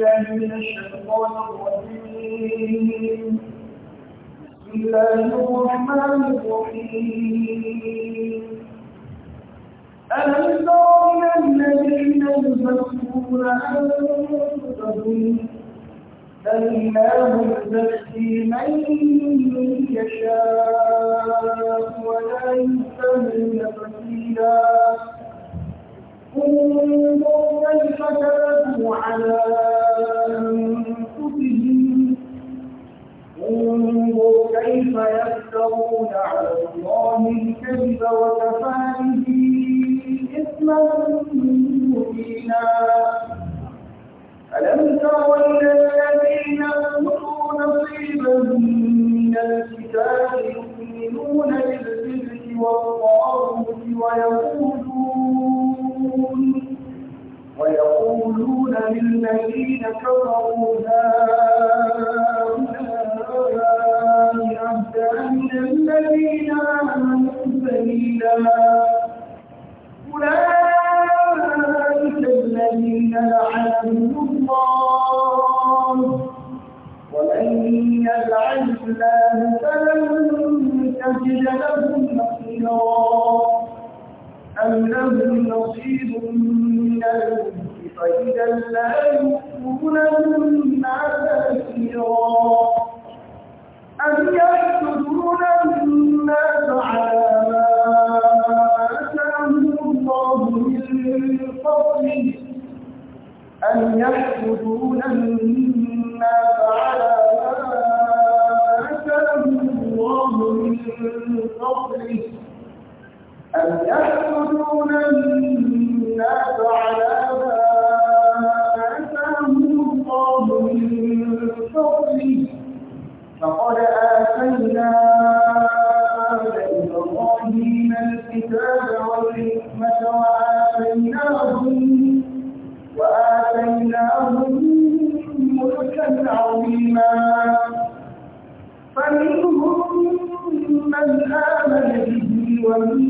بالله بسم الله الرحمن الرحيم ألم ترون الذين يزكون أنفسهم بل الله يزكي من يشاء ولا يستهزئ فتيلا انظر كيف كذبوا على أنفسهم انظر كيف يفترون على الله الكذب وكفى به إثما مبينا ألم تر إلى الذين أوتوا نصيبا من الكتاب يؤمنون بالسر والطاغوت ويقولون ويقولون للذين كفروا هؤلاء أهدى من الذين آمنوا سبيلا أولئك الذين لعنهم الله ومن يلعن الله فلن تجد له نصيرا أم لهم نصيب من الملك فإذا لا يؤتون الناس كَثِيرًا أم يحسدون الناس على ما آتاهم الله من فضله أم يحسدون الناس على ما آتاهم الله من فضله أم يحسدون الناس على آتاهم الله من فضله فقد آتينا آل إبراهيم الكتاب والحكمة وآتيناهم وآتيناهم ملكا عظيما فمنهم من آمن به ومنهم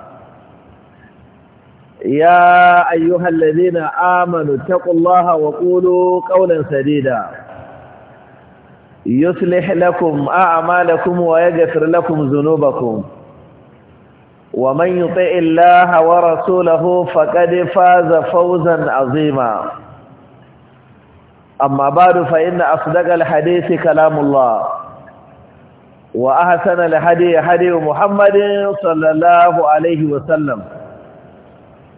يا أيها الذين آمنوا اتقوا الله وقولوا قولا سديدا يصلح لكم أعمالكم ويغفر لكم ذنوبكم ومن يطع الله ورسوله فقد فاز فوزا عظيما أما بعد فإن أصدق الحديث كلام الله وأحسن الحديث حديث محمد صلى الله عليه وسلم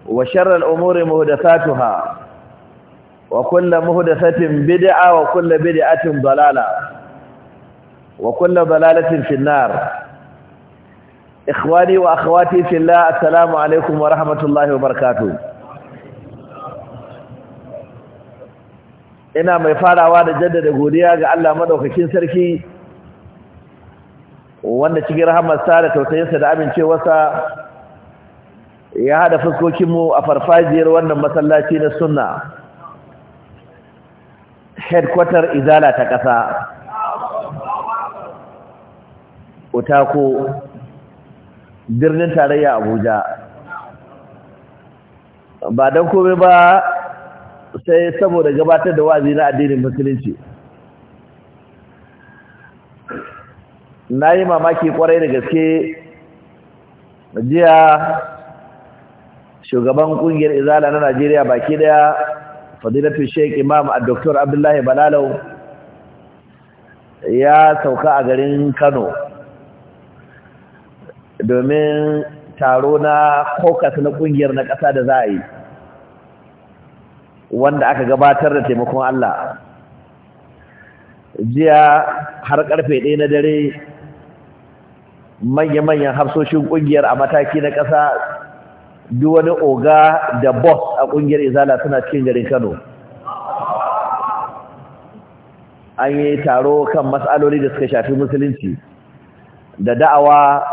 وشر الأمور مهدثاتها وكل مهدثة بدعة وكل بدعة ضلالة وكل ضلالة في النار إخواني وأخواتي في الله السلام عليكم ورحمة الله وبركاته ina mai farawa da jaddada godiya ga Allah madaukakin sarki wanda cikin rahamarsa da tausayinsa da amincewarsa ya hada fuskokin mu a farfajiyar wannan masallaci na sunna headquarter izala ta ƙasa utako birnin tarayya abuja ba don kome ba sai saboda gabatar da wa'azi na addinin musulunci na yi mamaki kwarai da gaske jiya shugaban kungiyar izala na Najeriya baki daya fadilatu sheikh imam dr abdullahi balalau ya sauka a garin Kano domin taro na kokas na kungiyar na ƙasa da za a yi wanda aka gabatar da taimakon Allah jiya har karfe ɗaya na dare manya-manyan hafsoshin kungiyar a mataki na ƙasa duk wani oga da boss a ƙungiyar izala suna cikin garin kano an yi taro kan matsaloli da suka shafi musulunci da da'awa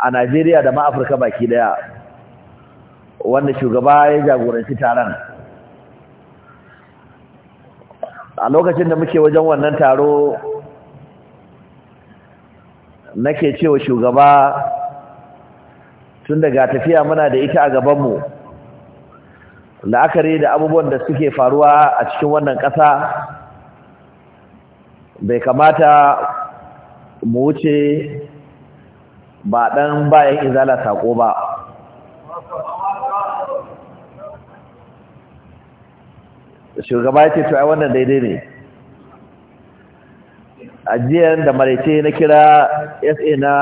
a najeriya da ma ma'afirka baki daya wanda shugaba ya jagoranci taron a lokacin da muke wajen wannan taro nake cewa shugaba tun daga tafiya muna da ita a gabanmu la'akari da abubuwan da suke faruwa a cikin wannan ƙasa bai kamata mu wuce ba ɗan bayan izala saƙo ba shugaba ya ce to ai wannan daidai ne ajiyar da maraice na kira sa na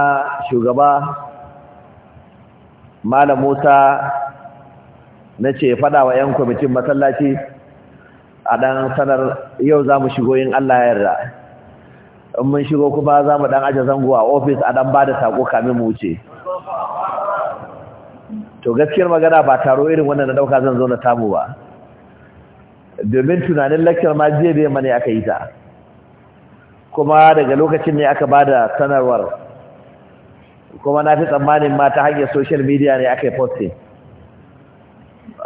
shugaba malam Musa na ce faɗawa wa 'yan kwamitin masallaci a ɗan sanar yau za mu shigo yin Allah yarda in mun shigo kuma za mu ɗan aje zango a ofis a ɗan ba da saƙo kamin mu wuce to gaskiyar magana ba taro irin wannan na ɗauka zan zo na tamu ba domin tunanin lakcar ma jiya bai mane aka yi ta kuma daga lokacin ne aka ba da sanarwar kuma na fi tsammanin ma ta hanyar social media ne aka yi posting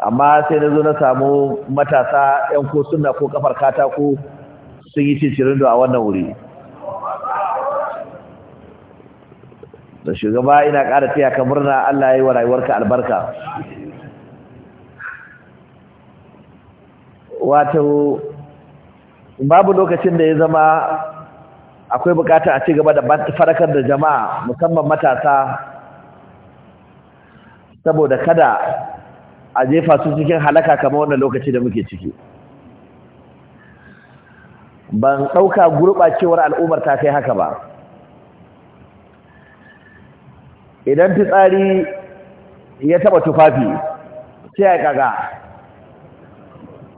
amma sai na zo na samu matasa 'yan ko suna ko kafar katako sun yi cincirin a wannan wuri da shugaba ina ƙara taya ka murna Allah ya yi wa rayuwarka albarka wato babu lokacin da ya zama akwai bukata a ci gaba da farakar da jama'a musamman matasa saboda kada a jefa su cikin halaka kamar wannan lokaci da muke ciki ban ɗauka gurɓacewar al'ummar ta kai haka ba idan fitsari ya taɓa tufafi sai a ƙaga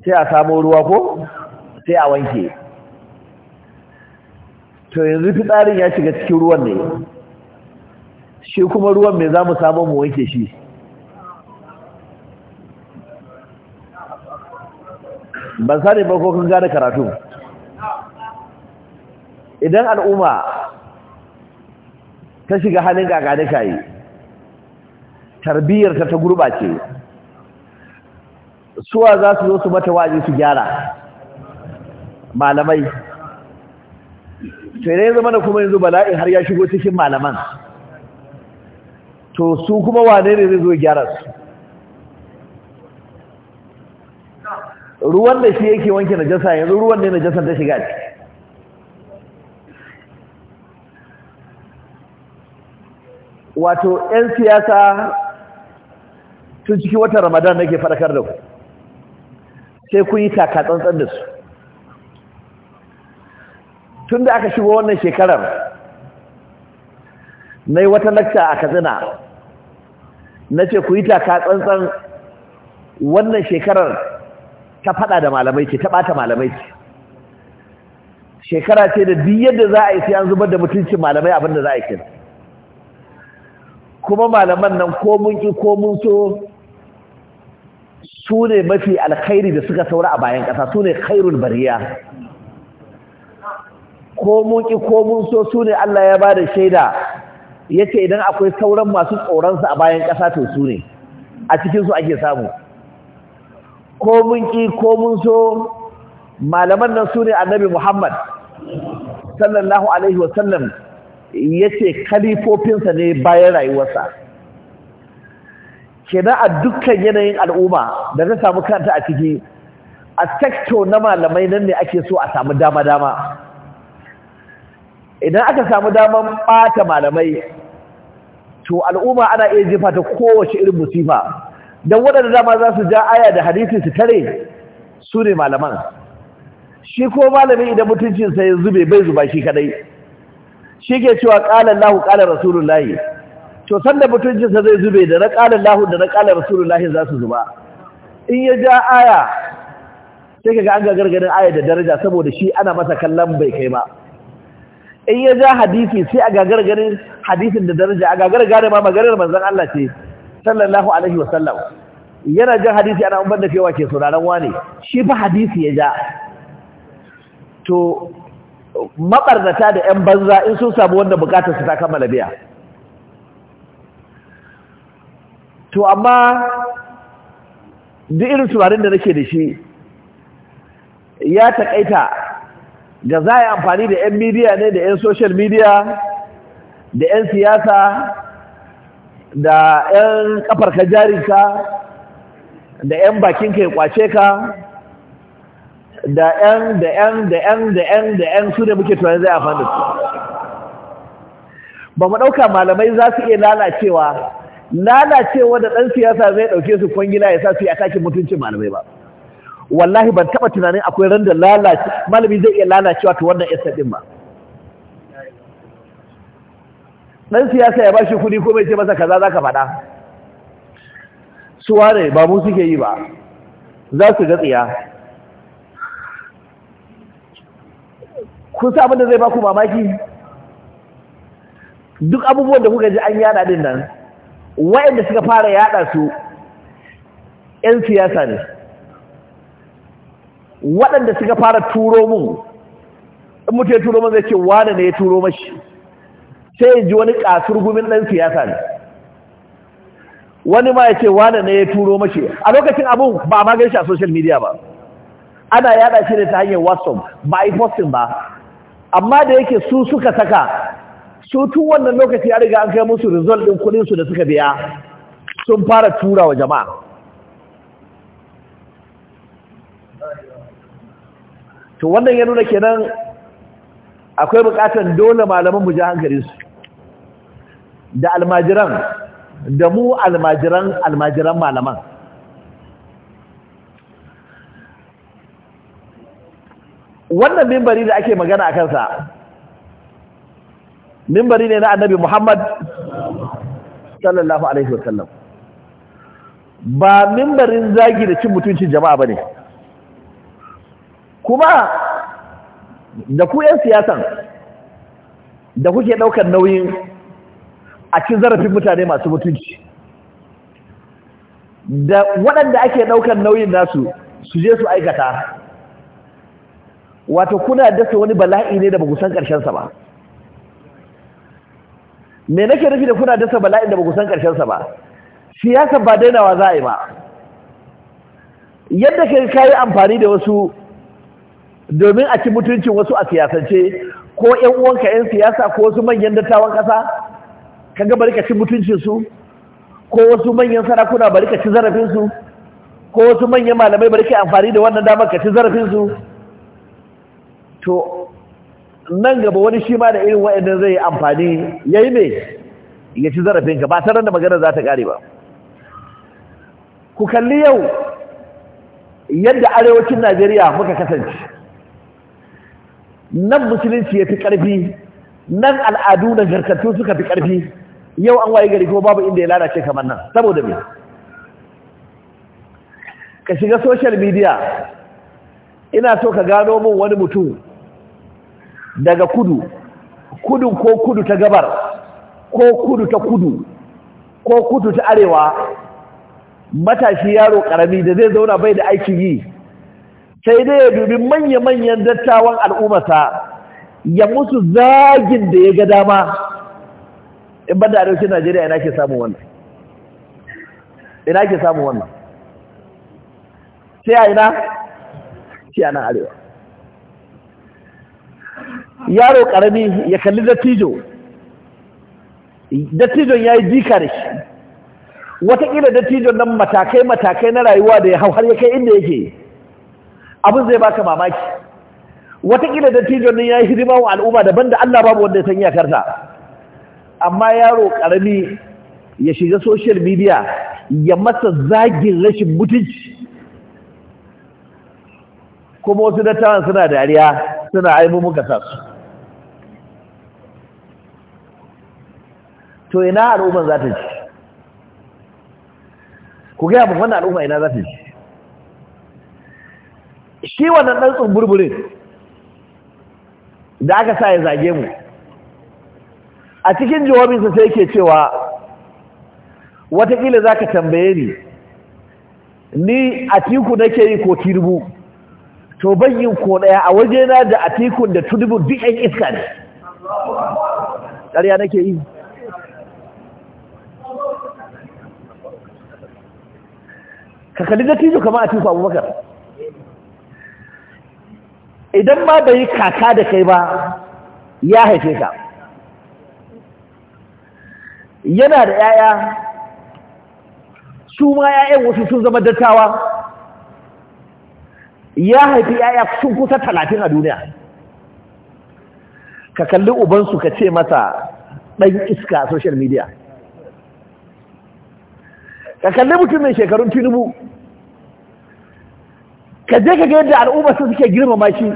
sai a samo ruwa ko sai a wanke to yanzu fitsarin ya shiga cikin ruwan ne shi kuma ruwan mai za mu samu mu wanke shi ban sani ba ko kun gane karatu idan al'umma ta shiga halin gagane kayi tarbiyyarta ta gurbace suwa za su zo su mata waje su gyara malamai to ya zama da kuma yanzu Bala'i har ya shigo cikin malaman to su kuma wane ne zai zo gyara su ruwan da shi yake wanke na jasa yanzu ruwan ne jasa ta shiga ce wato 'yan siyasa tun ciki wata ramadan nake faɗakar da ku sai kun yi tsantsan da su tun da aka shigo wannan shekarar na yi wata lakta a katsina na ce ku yi taka tsantsan wannan shekarar ta fada da malamai ce ta bata malamai ce shekara ce da duk yadda za a yi sai an zubar da mutuncin malamai abinda za a yi kuma malaman nan ko mun ki ko mun so su ne mafi alkhairi da suka saura a bayan ƙasa su ne khairul bariya ko mun ki ko mun so su ne Allah ya bada shaida yace idan akwai sauran masu tsoron sa a bayan ƙasa to su ne a cikin su ake samu ko mun ki ko mun so malaman nan su ne annabi Muhammad sallallahu alaihi wasallam yace kalifofinsa ne bayan rayuwarsa kenan a dukkan yanayin al'umma da ta samu kanta a ciki a sector na malamai nan ne ake so a samu dama-dama idan aka samu daman ɓata malamai to al'umma ana iya jefa ta kowace irin musifa don waɗanda dama za su ja aya da hadisi su tare su ne malaman shi ko malami idan mutuncinsa ya zube bai zuba shi kadai shi ke cewa ƙalar lahu ƙalar lahi to sanda mutuncinsa zai zube da na ƙalar lahu da na ƙalar rasulullahi za su zuba in ya ja aya sai ka ga an ga gargarin aya da daraja saboda shi ana masa kallon bai kai ba in ya ja hadisi sai a gagargarin hadisin da daraja a gagargarin ma maganar manzon Allah ce sallallahu alaihi wa sallam yana jan hadisi ana umar da kewa ke sauraron wane shi fa hadisi ya ja to mabarnata da yan banza in sun samu wanda bukatar su ta kammala biya to amma duk irin turarin da nake da shi ya takaita da za a amfani da 'yan midiya ne da 'yan social media da 'yan siyasa da 'yan kafar kajarinka da 'yan bakinka ya kwace ka da 'yan da 'yan da 'yan da 'yan da 'yan su ne muke tunanin zai amfani ba mu ɗauka malamai za su iya lalacewa lalacewa da ɗan siyasa zai ɗauke su kwangila ya sa su yi a takin mutuncin malamai ba wallahi ban taba tunanin akwai ran da lalace malami zai iya lalacewa to wannan yasa din ba dan siyasa ya bashi kuɗi ko mai ce masa kaza zaka faɗa su ne ba mu suke yi ba za su ga tsiya kun abin da zai baku mamaki duk abubuwan da kuka ji an yada din nan wayanda suka fara yada su 'yan siyasa ne waɗanda suka fara turo mun in mutu ya turo mun zai ce wane ne ya turo mashi sai ya ji wani ƙasur gumin ɗan siyasa ne wani ma ya ce wane ne ya turo mashi a lokacin abun ba ma gaishe a social media ba ana yada shi ne ta hanyar whatsapp ba a yi posting ba amma da yake su suka saka su tun wannan lokaci ya riga an kai musu result ɗin kuɗinsu da suka biya sun fara tura wa jama'a to wannan ya nuna kenan akwai bukatar dole malaman mu ji hankali su da almajiran da mu almajiran almajiran malaman wannan mimbari da ake magana a kansa mimbari ne na annabi Muhammad sallallahu alaihi wasallam ba mimbarin zagi da cin mutuncin jama'a bane kuma da ku 'yan siyasan da kuke ɗaukar nauyin a cin zarafin mutane masu mutunci da waɗanda ake ɗaukar nauyin nasu su je su aikata wato kuna dasa wani bala'i ne da ba san ƙarshensa ba me nake nufi da kuna dasa bala'i da ba san ƙarshensa ba siyasa ba dainawa za a yi ba yadda kai yi amfani da wasu domin a ci mutuncin wasu a siyasance ko ‘yan uwanka ‘yan siyasa ko wasu manyan dattawan ƙasa ka ga bari ka ci mutuncinsu ko wasu manyan sarakuna bari ka ci zarafinsu ko wasu manyan malamai bari ka amfani da wannan damar ka ci zarafinsu to nan gaba wani shi ma da irin wa'annan zai yi amfani ya yi mai ya ci zarafinka ba tare da magana za ta ƙare ba ku kalli yau yadda arewacin najeriya muka kasance nan musulunci ya fi ƙarfi nan al'adu da jarkatu suka fi ƙarfi yau an waye gari ko babu inda ya lalace kamar nan saboda me ka shiga social media ina so ka gano min wani mutum daga kudu kudu ko kudu ta gabar ko kudu ta kudu ko kudu ta arewa matashi yaro karami da zai zauna bai da aikin yi sai dai ya dubi manya-manyan dattawan al'ummata ya musu zagin da ya ga dama in ban da arewacin najeriya ina ke samun wannan ina ke samun wannan sai a ina sai a nan arewa yaro karami ya kalli dattijo dattijon ya yi jika da shi watakila dattijon nan matakai-matakai na rayuwa da ya hau har ya kai inda yake yi. abin zai baka mamaki watakila dattijon nan ya yi hidima wa al'umma daban da Allah babu wanda ya san iyakarta amma yaro karami ya shiga social media ya masa zagin rashin mutunci kuma wasu dattawan suna dariya suna aibu muka sa su to ina al'umman za ta ci ku gaya mu wannan al'umma ina za ta ci shi wannan ɗan tsumburburin da aka sa ya zage mu a cikin jawabinsa sai ke cewa watakila za ka tambaye ni ni a tiku nake yi ko tirbu to bayin ko ɗaya a wajena da a tikun da tudubu duk yan iska ne ƙarya nake yi ka kalli da tijo kama a tiku abubakar idan ma bai yi kaka da kai ba ya haife ka yana da ‘ya'ya su ma ‘ya'yan wasu sun zama dattawa ya haifi ‘ya'ya sun kusa talatin a duniya ka kalli ubansu ka ce mata ɗan iska a social media ka kalli mutum mai shekarun tinubu ka je ka ga yadda al'ummarsa suke girmama shi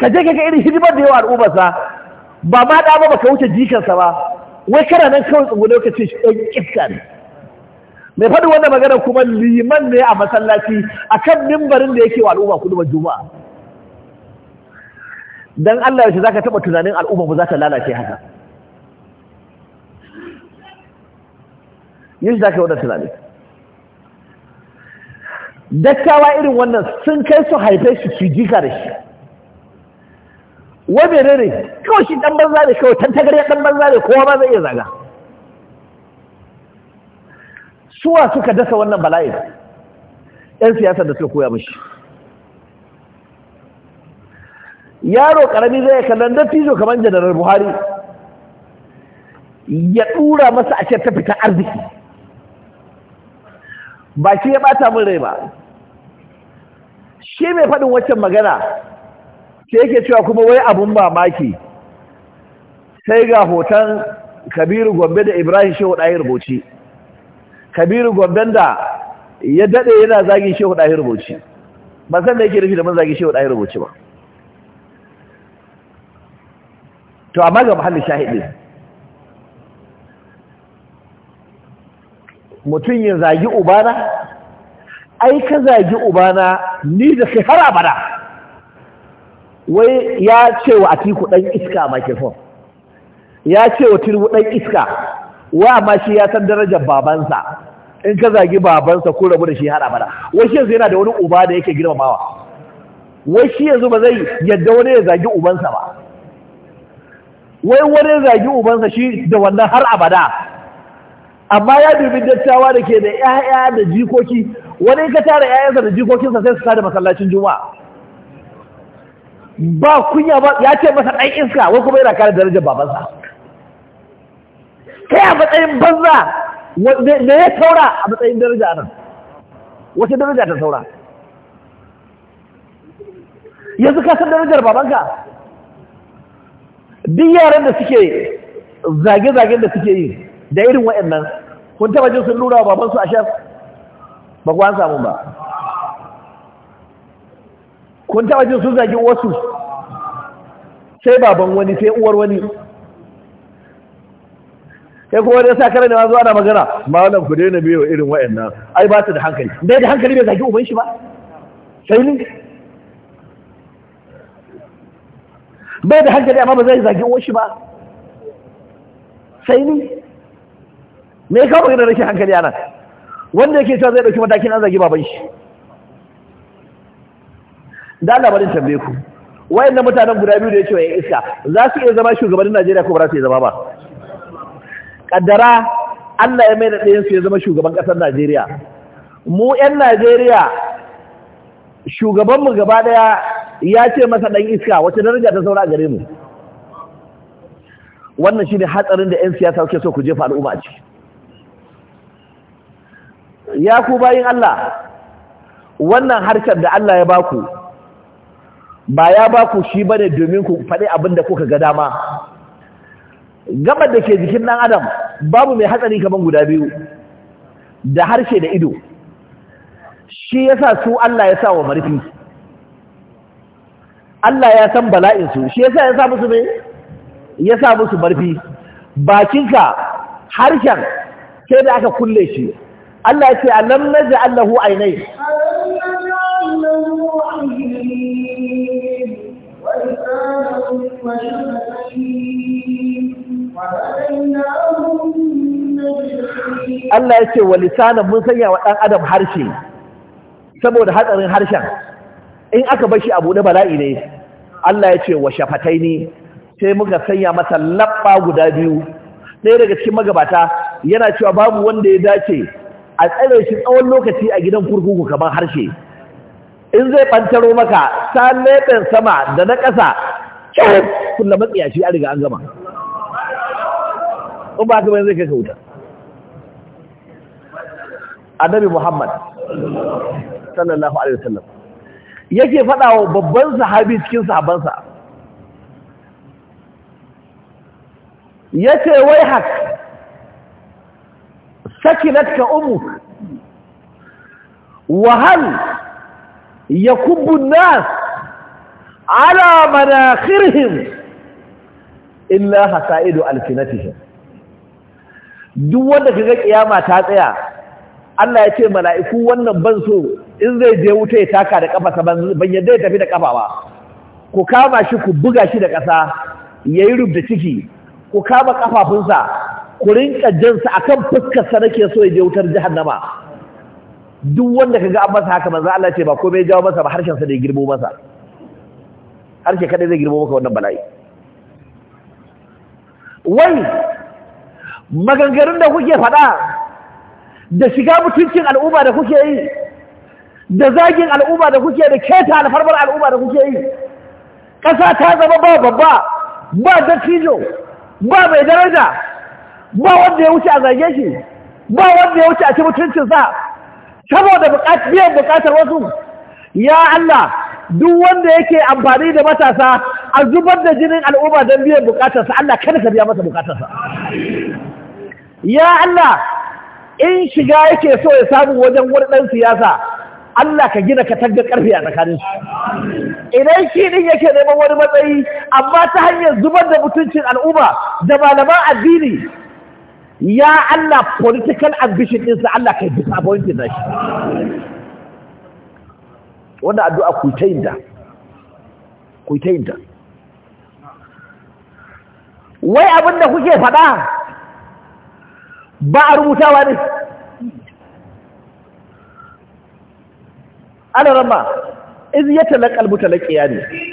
ka je ka ga irin hidimar da yawa al'ummarsa ba ma da ba ka wuce jikansa ba wai kana nan kawai tsungu lokacin shi ɗan iska ne mai faɗi wannan magana kuma liman ne a masallaci a kan mimbarin da yake wa al'umma kudu ba juma'a don Allah yaushe za ka taɓa tunanin al'umma ba za ta lalace haka yin shi za ka yi wannan tunanin dattawa irin wannan sun kai su haife shi su jika da shi wani rere kawai shi dan banza ne kawai tantagar ya dan banza ne kowa ba zai iya zaga suwa suka dasa wannan bala'i yan siyasa da suka koya mashi yaro ƙarami zai kallon dattijo kamar janar buhari ya ɗura masa a ta fita arziki ba shi ya bata min rai ba shi mai faɗin waccan magana sai yake cewa kuma wai abun mamaki sai ga hoton kabiru gombe da ibrahim shehu ɗahi rubuci kabiru gomben da ya daɗe yana zagin shehu ɗahi rubuci ba san da yake rufi da mun zagin shehu ɗahi rubuci ba to amma ga mahallin shahidin mutum ya zagi ubana ai ka zagi ubana ni da sai har abada wai ya ce wa atiku ɗan iska a microphone ya ce wa ɗan iska wa ma shi ya san darajar babansa in ka zagi babansa ko rabu da shi har abada wai shi yanzu yana da wani uba da yake girmamawa wai shi yanzu ba zai yadda wani ya zagi ubansa ba wai wani ya zagi ubansa shi da wannan har abada amma ya dubi dattawa da ke da 'ya'ya da jikoki wani ka tara 'ya'yansa da jikokinsa sai su tada masallacin juma'a ba kunya ba ya ce masa ɗan iska wai kuma yana kare darajar babansa kai a matsayin banza da ya taura a matsayin daraja nan wace daraja ta taura? yanzu ka san darajar babanka duk yaran da suke zage-zagen da suke yi da irin waɗannan kun taba jin sun lura baban su a shaf ba kuwa an samu ba kun taba jin sun zagi wasu sai baban wani sai uwar wani sai kuma wani sa kare ne ma zuwa ana magana malam ku daina biyo irin waɗannan ai ba su da hankali dai da hankali bai zagi uban shi ba sai ni bai da hankali amma ba zai zagi uwar shi ba sai ni me ya kawo da rashin hankali ana wanda yake cewa zai dauki matakin an zagi baban shi da labarin tambaye ku wayanda mutanen guda biyu da ya ce wa iska za su iya zama shugabannin Najeriya ko ba za su iya zama ba kaddara Allah ya mai da ɗayan su ya zama shugaban ƙasar Najeriya mu 'yan Najeriya shugabanmu gaba ɗaya ya ce masa ɗan iska wacce daraja ta saura a gare mu wannan shi ne hatsarin da 'yan siyasa ke so ku jefa al'umma a ciki ya ku bayin Allah wannan harkar da Allah ya baku ba ya baku shi bane domin ku faɗi abin da kuka ga dama gabar da ke jikin ɗan adam babu mai hatsari kamar guda biyu da harshe da ido shi yasa su Allah ya sa wa marfi Allah ya san bala'in su shi yasa ya sa musu me ya sa musu marfi bakinka harshen sai da aka kulle shi Allah ya ce alam naji Allahu ainai Allah ya ce wa lisanan mun sanya wa ɗan adam harshe saboda hatsarin harshen in aka bashi abu da bala'i ne Allah ya ce wa shafatai ne sai muka sanya masa labba guda biyu ɗaya daga cikin magabata yana cewa babu wanda ya dace a tsare shi tsawon lokaci a gidan kurkuku kamar harshe in zai ɓantaro maka ta leɓen sama da na ƙasa kyau kulla matsiyaci a riga an gama in ba ka bayan zai kai ka wuta annabi muhammad sallallahu alaihi wasallam yake fada wa babban sahabi cikin sahabansa Yake wai haka سكنتك أمك وهل يكب الناس على nas إلا manakhirihim illa دوانا alfinatihim duk wanda تاتيا ƙiyama ta tsaya Allah ya ce mala'iku wannan ban so in zai je wuta ya taka da kafa ban yadda ya tafi da kafa ba ku kama shi ku buga shi da ƙasa yayi rubda ciki ku kama ƙafafunsa. ku rinka a kan fuskar sa nake so ya je wutar jahannama duk wanda ka ga an masa haka manzo Allah ce ba komai ya jawo masa ba harshen sa da ya girbo masa harshe kadai zai girbo maka wannan bala'i wai maganganun da kuke faɗa da shiga mutuncin al'umma da kuke yi da zagin al'umma da kuke da keta alfarmar al'umma da kuke yi ƙasa ta zama ba babba ba dattijo ba mai daraja ba wanda ya wuce a zage shi ba wanda ya wuce a ci mutuncinsa saboda biyan bukatar wasu ya Allah duk wanda yake amfani da matasa a zubar da jinin al'umma don biyan bukatarsa Allah kada ka biya masa bukatarsa ya Allah in shiga yake so ya samu wajen wani ɗan siyasa Allah ka gina ka tagga ƙarfi a tsakanin idan shi ɗin yake neman wani matsayi amma ta hanyar zubar da mutuncin al'umma da malaman addini ya Allah political ambition ɗinsa Allah kai disappointed na shi wanda addu'a ku ta yin da ku ta yin da wai abin da kuke faɗa ba a rubutawa ne ana rama iz ya talakal mutalakiya ne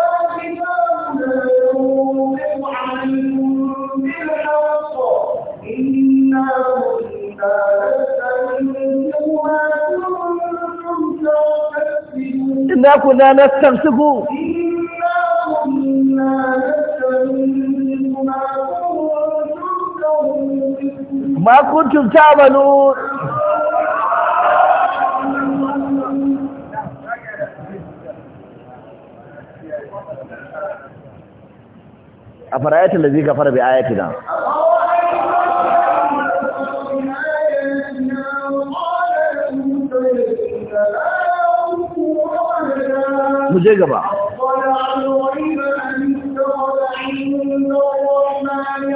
Inna ku na nastan suku. Inna ku na nastan suku. nu. A fara yata fara bi ayyaki mu je gaba mu je gaba mu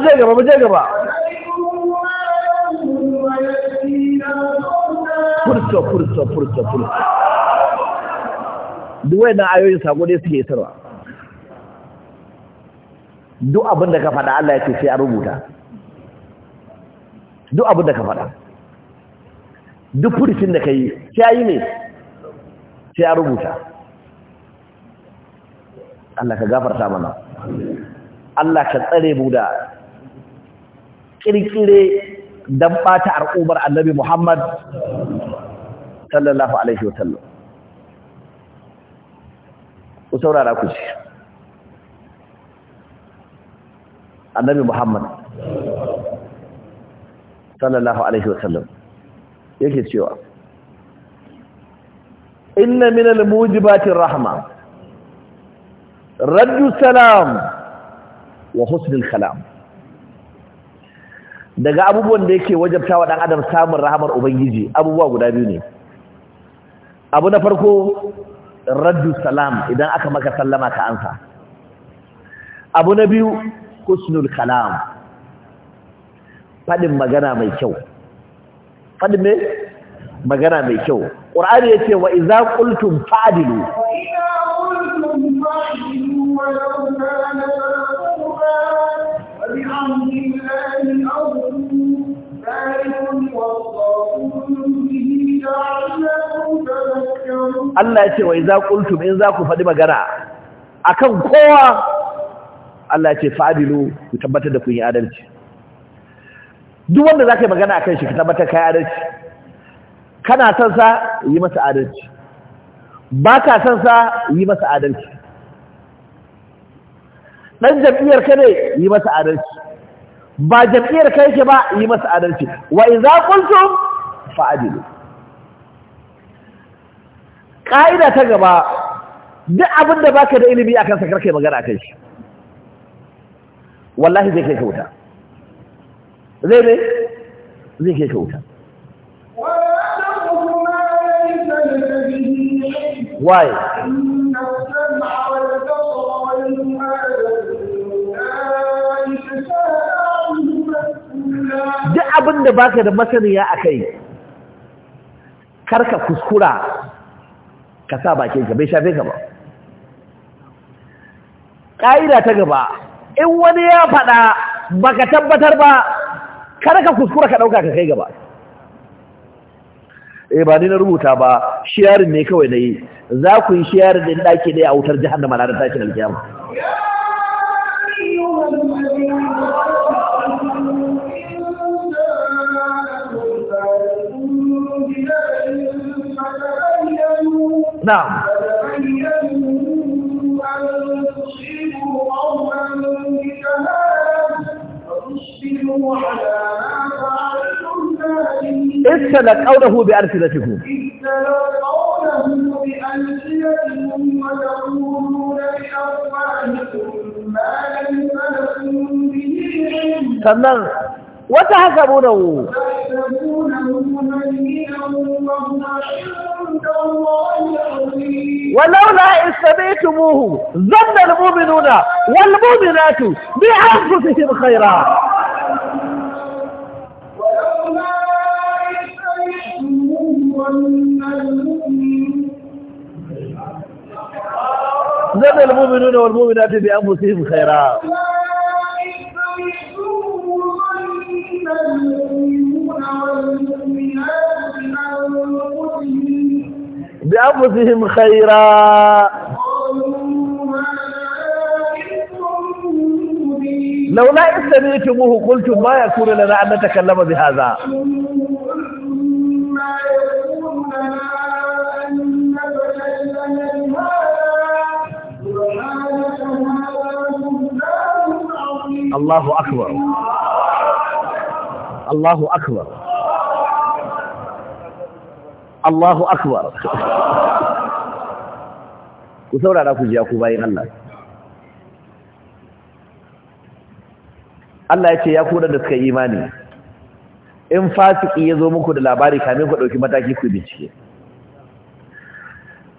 je gaba furta furta furta furta Duwai na ayoyin sako ne suke isarwa duk abin da ka faɗa Allah ya ce sai a rubuta duk abin da ka faɗa duk furicin da ka yi sai yi ne sai ya rubuta Allah ka gafarta mana Allah ka tsare mu da kirkire dan ɓata al'ummar annabi Muhammad sallallahu alaihi wasallam ku saurara ku ci annabi Muhammad sallallahu alaihi wasallam yake cewa inna min al rahma raddu salam wa kalam daga abubuwan da yake wajabta wa dan adam samun rahamar ubangiji abubuwa guda biyu ne abu na farko raddu salam idan aka maka sallama ka ansa abu na biyu husnul kalam faɗin magana mai kyau faɗin mai magana mai kyau ƙur'ani ya ce wa iza ƙultun fadilu Allah ya ce wa iza ƙultun in za ku faɗi magana akan kowa Allah ya ce fa'dilu ku tabbatar da kun yi adalci duk wanda za ka yi magana a kan shi ka mata kai adalci kana son sa yi masa adalci ba ka son sa yi masa adalci ɗan jam'iyyar ka ne yi masa adalci ba jam'iyyar ka yake ba yi masa adalci wa idza fa adilu ƙa'ida ta gaba duk abinda baka da ilimi akan sa karkai magana kai shi wallahi zai kai wuta zai ne zai ke ka why duk abin da baka da masaniya a kai karka kuskura ka sa bakinka bai shafe ka ba ƙa'ida ta gaba in wani ya faɗa baka tabbatar ba kada ka kuskura ka dauka ka kai gaba eh ba ni na rubuta ba shiyarin ne kawai nayi za ku yi shiyarin ɗin dake dai a wutar jahannama da malarar tashin alkiyama نعم تلقونه بألسنتكم تلقونه بألسنتكم وتقولون ما به وتحسبونه ولولا إذ سمعتموه ظن المؤمنون والمؤمنات بأنفسهم خيرا وظن المؤمنون والمؤمنات بأنفسهم خيرا بأنفسهم خيرا لولا إن سمعتموه قلتم ما يكون لنا أن نتكلم بهذا Allahu akbar Allahu akbar Allahu akbar ku saurara ku jiya ku Allah Allah ya ce ya kura da suka imani in fasiki ya zo muku da labari kamin ku ɗauki mataki ku bincike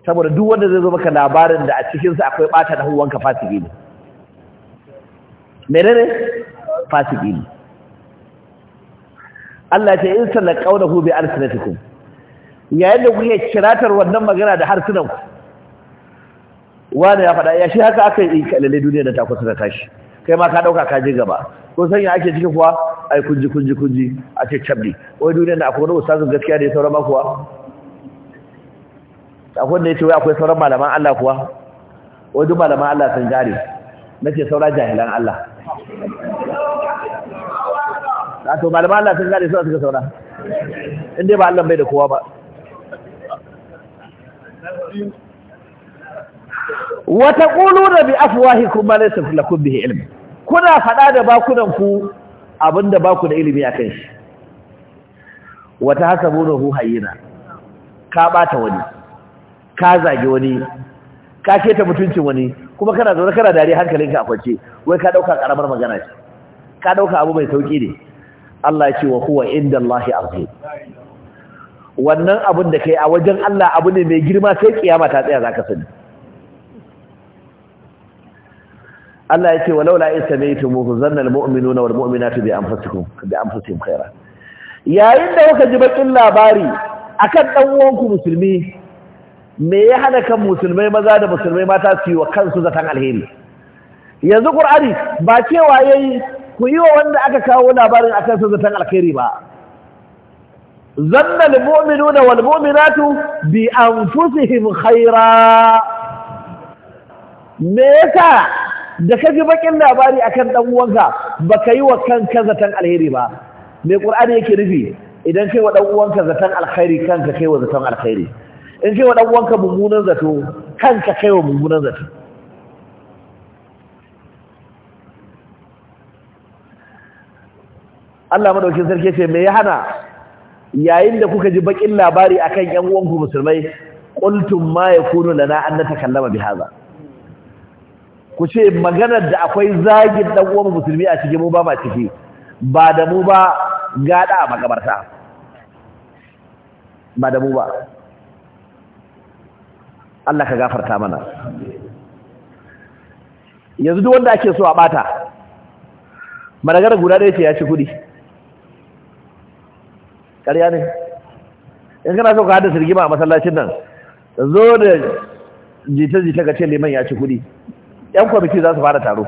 saboda duk wanda zai zo maka labarin da a cikinsa akwai ɓata da huwanka fasiki ne menene fasiki ne Allah ce in sallaqawnahu bi alsinatikum yayin da kuke kiratar wannan magana da harsunan ku Wani ya faɗa ya shi haka aka yi kalalle duniya da ta kusa da tashi kai ma ka dauka ka je gaba ko sanya ake cikin kuwa ai kunji kunji kunji a ce chabbi wai duniya da akwai wani ustazin gaskiya da ya saura kuwa akwai ne ya ce wai akwai sauran malaman Allah kuwa wai duk malaman Allah sun gare nake saura jahilan Allah Ah, to malaman Allah sun gane suna suka saura in dai ba Allah bai da kowa ba wata ƙulu da bi afwahikum ma laysa lakum bihi ilm kuna faɗa da bakunan ku abinda baku da ilimi a kan shi wata wa tahsabunahu hayyina ka ɓata wani ka zage wani ka keta mutuncin wani kuma kana zaune kana dariya hankalinka a kwance wai ka dauka karamar magana ce ka dauka abu mai sauki ne Allah ya ce wa huwa inda Allah azim wannan abun da kai a wajen Allah abu ne mai girma sai kiyama ta tsaya zaka sani Allah ya ce walaula in sami'tumuhu muzanna almu'minuna wal mu'minatu bi anfusikum bi anfusikum khaira yayin da kuka ji bakin labari akan dan uwanku musulmi me ya hana kan musulmai maza da musulmai mata su yi wa kansu zaton alheri yanzu ƙur'ani ba cewa ya yi ku yi wa wanda aka kawo labarin a kansu zaton alheri ba zanna limominuna da muminatu bi an fusihim khaira me yasa da ka ji bakin labari akan ɗan uwanka ba ka yi wa kanka zaton alheri ba me ƙur'ani yake nufi idan kai wa ɗan uwanka zaton alheri kanka kai wa zaton alheri in kai wa ɗanwanka mummunan zato ka kai wa mummunan zato Allah maɗaukin sarki ce me ya hana yayin da kuka ji baƙin labari akan ƴan uwanku musulmai qultum ma yakunu lana an natakallama bihaza ku ce maganar da akwai zagin ɗanuwan uwan musulmi a cikin mu ba ma ciki ba da mu ba gada a makabarta ba da mu ba Allah ka gafarta mana yanzu duk wanda ake so a bata madagara guda da ce ya ci kudi ƙarya ne in kana so ka haddasa rigima a masallacin nan zo da jita-jita ga ce liman ya ci kudi yan kwamiti za su fara taro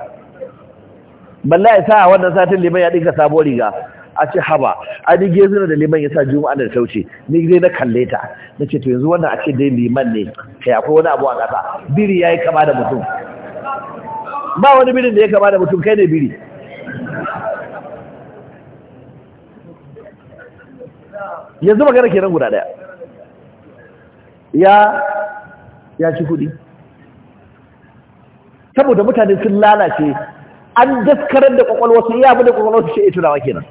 balla ya sa a wannan satin liman ya ɗinka sabuwar riga a ce haba a ni gezuna da liman ya sa juma'a da sauce ni dai na kalle ta na ce to yanzu wannan a ce dai liman ne kai akwai wani abu a ƙasa biri ya yi kama da mutum ba wani birin da ya kama da mutum kai ne biri yanzu magana kenan guda daya ya ya ci kudi saboda mutane sun lalace an daskarar da kwakwalwa su iya abin da kwakwalwa su ce eh, tunawa kenan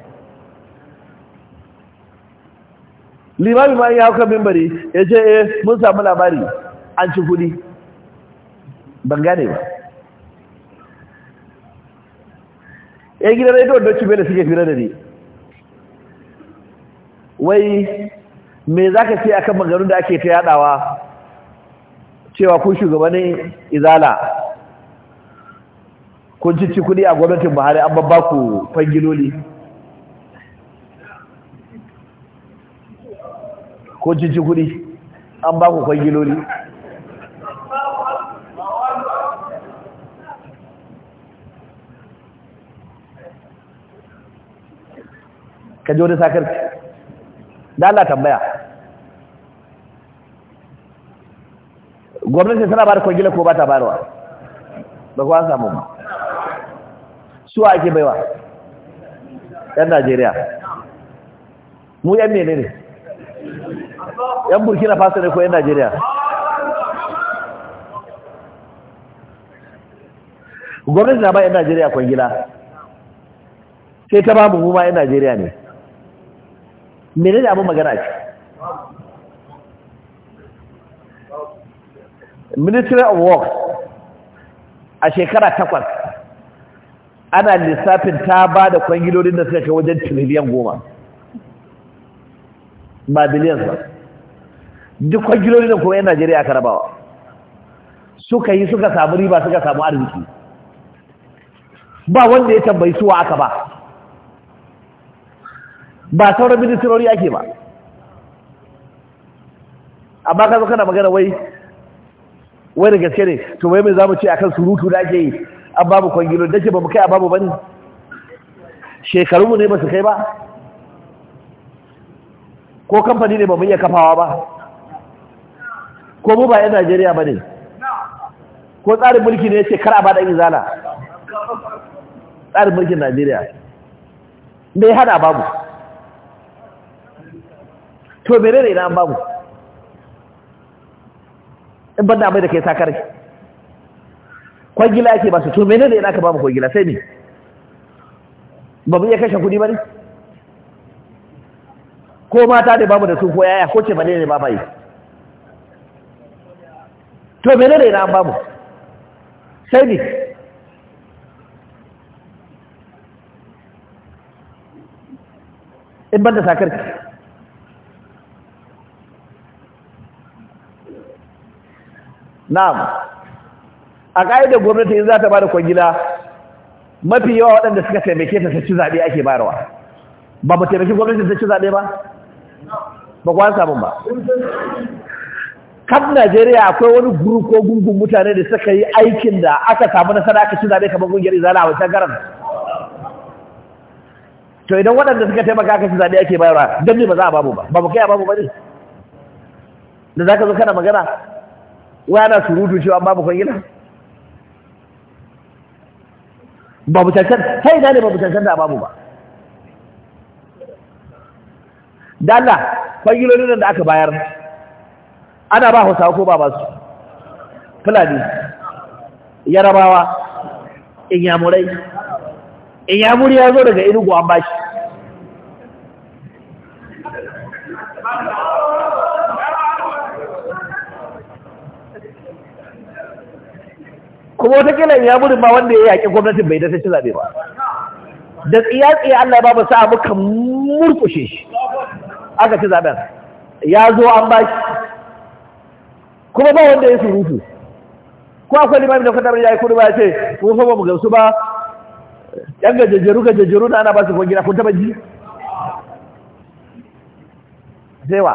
limami ma ya hauka mimbari ya ce eh mun samu labari an ci kudi ban gane ba ya gida na ito don cibiyar da suke fira da ne wai me za ka ce a maganin da ake ta yadawa cewa kun shugabannin izala kun cici kudi a gwamnatin buhari an babba ku fangiloli ko jiji kuɗi an ba ku kwangiloli ka ji wani sakarci da Allah tambaya gwamnati tana ba da kwangila ko ba ta wa ba kuwa samu ba suwa ake baiwa 'yan najeriya mu 'yan menene ne yan burkina faso ne ko yan najeriya gwamnati na ba yan najeriya kwangila sai ta ba mu ma yan najeriya ne mene ne abin magana ce ministry of work a shekara takwas ana lissafin ta ba da kwangilolin da suka kai wajen tiriliyan goma ba biliyan ba duk kwangilolin da kuma yan najeriya aka rabawa suka yi suka samu riba suka samu arziki ba wanda ya tambayi suwa aka ba ba sauran ministrori ake ba amma ka zo kana magana wai wai da gaske ne to wai mai za mu ce akan surutu da ake yi an babu kwangilolin da ke ba mu kai a babu ba ne shekarunmu ne ba su kai ba ko kamfani ne ba mu iya kafawa ba ko mu ba 'yan Najeriya ba ne ko tsarin mulki ne ya ce kar a ba ɗan izala tsarin mulkin Najeriya da ya hada babu to mere ne na babu in banda mai da ke takar kwangila ake basu to mere ne na ka babu kwangila sai ne ba mu iya kashe kudi ba ne ko mata ne babu da sun ko yaya ko ce ba ne ne ba ba yi to mene ne na an bamu sai ne in banda sakar ki na'am a ƙa'idar gwamnati in za ta ba da kwangila mafi yawa waɗanda suka taimake ta ci zaɓe ake bayarwa ba mu taimake gwamnati ta ci zaɓe ba ba kwan samun ba kan Najeriya akwai wani guru ko gungun mutane da suka yi aikin da aka samu nasara aka ci zaɓe kamar gungiyar izala a wancan garan to idan waɗanda suka taimaka aka ci zaɓe ake bayarwa don ne ba za a babu ba ba mu kai a babu ba ne da za ka zo kana magana wa yana surutu cewa babu kwangila babu tantan sai ina ne babu tantan da babu ba da Allah kwangilolin da aka bayar ana ba hausawa ko ba ba su fulani yarabawa inyamurai inyamuri ya zo daga inugu an ba shi kuma kila inyamurin ba wanda ya yaƙi gwamnatin bai dasa shi ba da tsiya Allah ba ba sa kan murkushe shi aka ci zaɓen ya zo an ba shi kuma ba wanda ya surutu ko akwai limamin da fadar ya yi kudu ba ce ko fa ba mu gamsu ba yan gajejjeru gajejjeru na ana ba su kwan gina kun taba ji zewa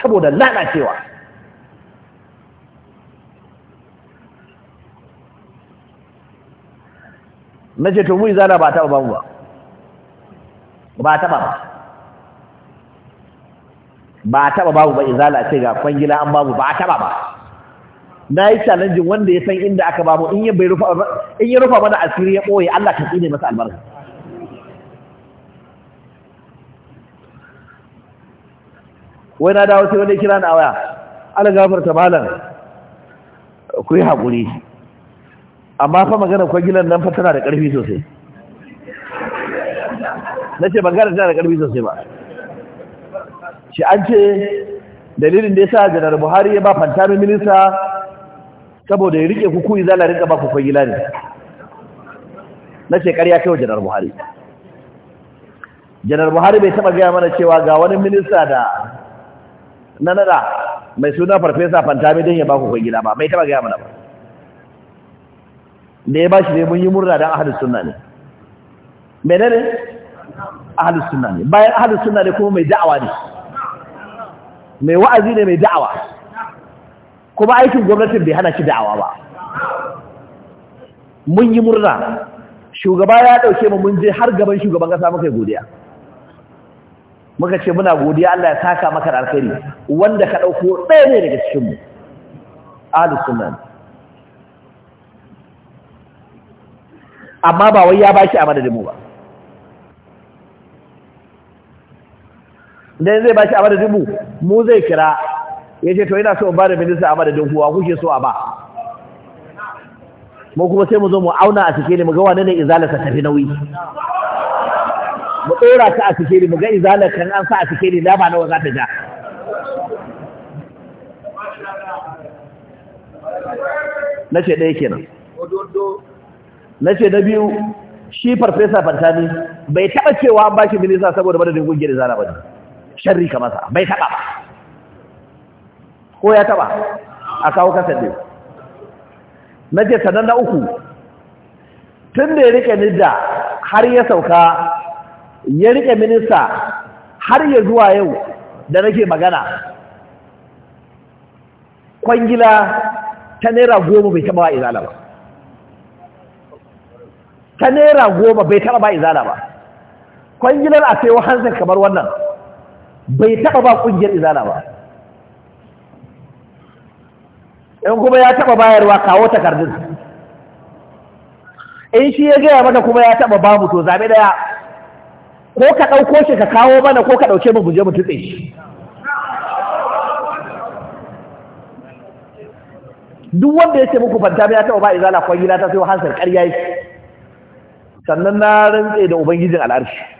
saboda lalacewa na ce to mu zana ba ta ba mu ba ba taba ba ba a taba babu ba izala ce ga kwangila an babu ba a taba ba na yi challenge wanda ya san inda aka babu in ya bai rufa in ya rufa mana asiri ya boye Allah ta tsine masa albarka wai na dawo sai wani kira na waya Allah gafarta malam ku yi hakuri amma fa magana kwangilan nan fa tana da ƙarfi sosai nace ban tana da ƙarfi sosai ba shi an ce dalilin da ya sa janar buhari ya ba fantamin minista saboda ya rike kuku izala rinka ba kukun gila ne na shekar ya kai wa janar buhari janar buhari bai taba gaya mana cewa ga wani minista da na nada mai suna farfesa fantami don ya ba kukun gila ba mai taba gaya mana ba da ya ba shi ne mun yi murna don ahalus suna ne menene ahalus suna ne bayan ahalus suna ne kuma mai da'awa ne mai wa'azi ne mai da'awa kuma aikin gwamnatin bai hana shi da'awa ba mun yi murna shugaba ya ɗauke mu mun je har gaban shugaban ƙasa muka yi godiya muka ce muna godiya Allah ya saka maka da alkhairi wanda ka ɗauko ɗaya ne daga cikinmu, mu amma ba wai ya bashi a madadin mu ba dan zai shi a madadin mu mu zai kira yace to ina so in da minista a madadin kuwa kuke so a ba mu kuma sai mu zo mu auna a cikin mu ga wane ne izalarsa tafi nauyi mu tsora ta a cikin mu ga izalar kan an sa a cikin ba nawa za ta ja na ce ɗaya kenan na ce na biyu shi farfesa fantani bai taɓa cewa an ba shi minista saboda madadin ƙungiyar izala ba ne sharri ka masa bai taba ba ko ya taɓa a kawo kasar ne na ce sanar na uku tun da ya rike nidda har ya sauka ya rike minista har ya zuwa yau da nake magana kwangila ta naira goma bai taba ba izala ba ta naira goma bai taba ba izala ba kwangilar a sai wahansa kamar wannan bai taɓa ba ƙungiyar izala ba in kuma ya taɓa bayarwa kawo takardun in shi ya gaya mana kuma ya taɓa ba mu to zaɓe ɗaya ko ka ɗauko shi ka kawo mana ko ka ɗauke mu guje mu tutse shi duk wanda ya ce muku fanta ya taɓa ba izala kwangila ta sayo hansar ƙarya yi sannan na rantse da ubangijin al'arshi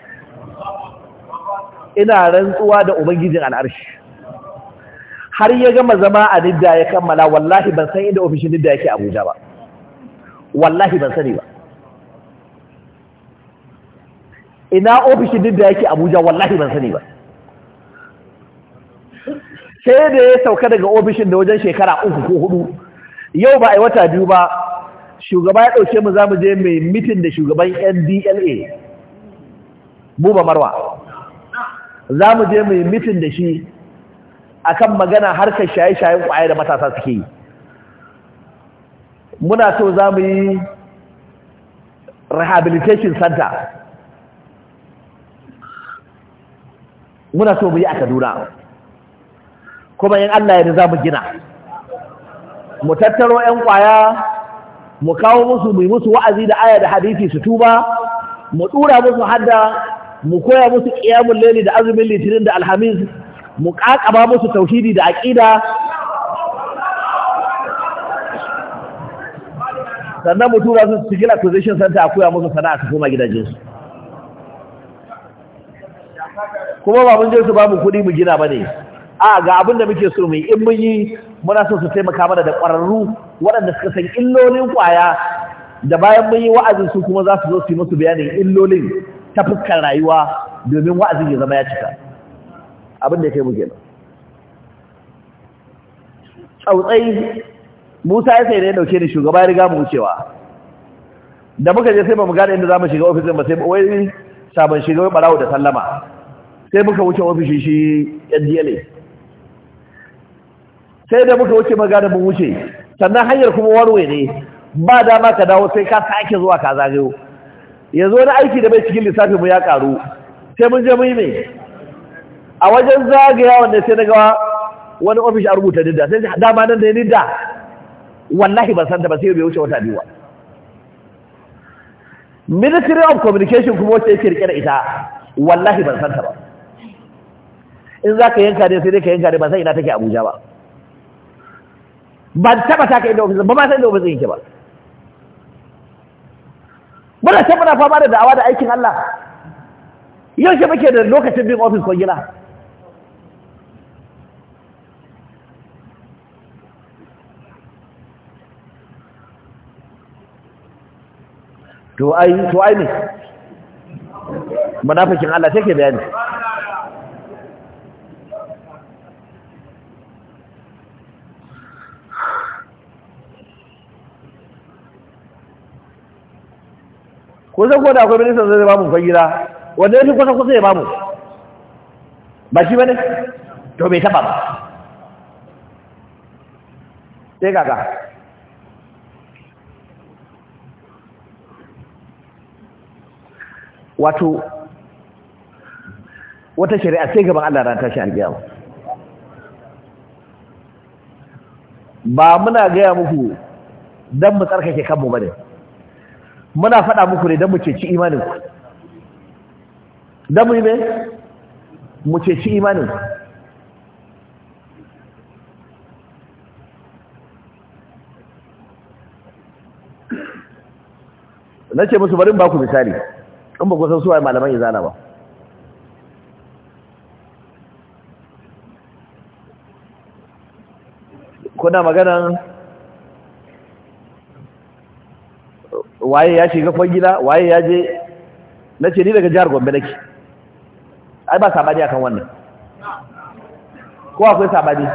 ina rantsuwa da ubangijin al'arshi har ya gama zama a nidda ya kammala wallahi ban san inda ofishin nidda yake abuja ba wallahi ban sani ba ina ofishin nidda yake abuja wallahi ban sani ba sai da ya sauka daga ofishin da wajen shekara uku ko hudu yau ba a yi wata biyu ba shugaba ya ɗauke mu za mu je mai mitin da shugaban ndla mu ba marwa za mu je mu yi mitin da shi a kan magana harkar shaye-shayen kwaye da matasa suke yi muna so za mu yi rehabilitation center muna so mu yi a kaduna kuma yin allah yadda za mu gina mu tattaro 'yan kwaya mu kawo musu mu yi musu wa'azi da aya da hadithi su tuba mu tura musu hadda mu koya musu ƙiyamun leli da azumin litinin da alhamis mu ƙaƙaba musu tauhidi da aƙida sannan mu tura su cikin acquisition center a koya musu sana'a su koma gidajensu kuma ba mun je su ba mu kuɗi mu gina ba ne a ga abin da muke so mu in mun yi muna so su taimaka mana da ƙwararru waɗanda suka san illolin ƙwaya da bayan mun yi wa'azin su kuma za su zo su yi musu bayanin illolin ta fuskar rayuwa domin wa'azin ya zama ya cika abin da ya kai mu kenan tsautsai Musa ya sai ya dauke ni shugaba ya riga mu wucewa da muka je sai ba mu gane inda zamu shiga ofisin ba sai wai sabon shiga wai barawo da sallama sai muka wuce ofishin shi diyale, sai da muka wuce magana mun wuce sannan hanyar kuma warwe ne ba dama ka dawo sai ka sake zuwa ka zagayo yanzu wani aiki da bai cikin lissafinmu ya ƙaru sai mun je mai mai a wajen zagaya wanda sai na gawa wani ofis a rubuta didda sai dama nan da ya didda wallahi ban santa ba sai bai wuce wata biyu ba ministry of communication kuma wacce yake rike da ita wallahi ban santa ba in za ka yanka ne sai dai ka yanka ne ba sai ina take abuja ba ban taba ta ka inda ofis ba ba san inda ofis yake ba muna sai muna fama da da'awa da aikin Allah yau shi muke da lokacin bin ofis ko gida to ai to ai ne munafikin Allah take bayani ko zai koda akwai ministan zai bamu fagira wanda ya fi kusa kusa ya bamu ba shi bane to bai taba ba sai gaga wato wata shari'a sai gaban Allah ran tashi alƙiyama ba muna gaya muku don mu tsarkake kanmu ba ne muna faɗa muku ne don mu ceci imaninku don mu yi ne mu ceci imaninku na ce musu barin baku misali in ba kusan suwa malaman izana ba kuna maganan waye ya shiga kwangila waye ya je na ce ni daga jihar gombe nake ai ba sabani akan wannan ko akwai sabani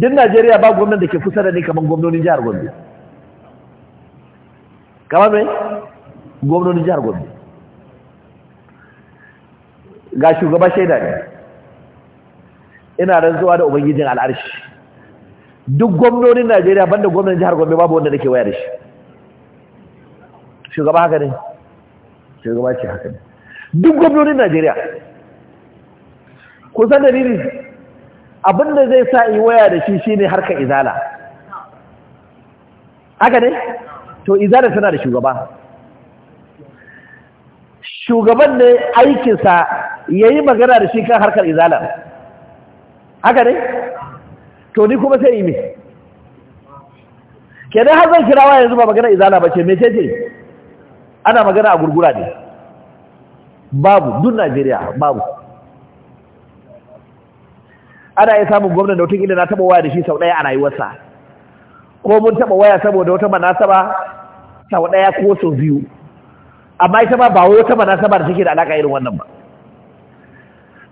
duk najeriya ba gwamnan da ke kusa da ni kamar gwamnonin jihar gombe kamar mai gwamnonin jihar gombe ga shugaba shaida ne ina rantsuwa da ubangijin al'arshi duk gwamnonin najeriya banda gwamnan jihar gombe babu wanda nake waya da shi shugaba haka ne shugaba ce haka ne duk gwamnonin najeriya san dalili abinda zai sa yi waya da shi shine harkar izala haka ne to izala tana da shugaba shugaban ne aikinsa ya yi magana da shi kan harkar izala haka ne to ni kuma sai yi mai kenan har zan kirawa yanzu ba magana izala ba ce ce ce ana magana a gurgura ne babu duk najeriya babu ana iya samun gwamnan da wata na taba waya da shi sau ɗaya a rayuwarsa ko mun taba waya saboda wata manasaba sau ɗaya ko sau biyu amma ita ba bawo wata manasaba da suke da alaka irin wannan ba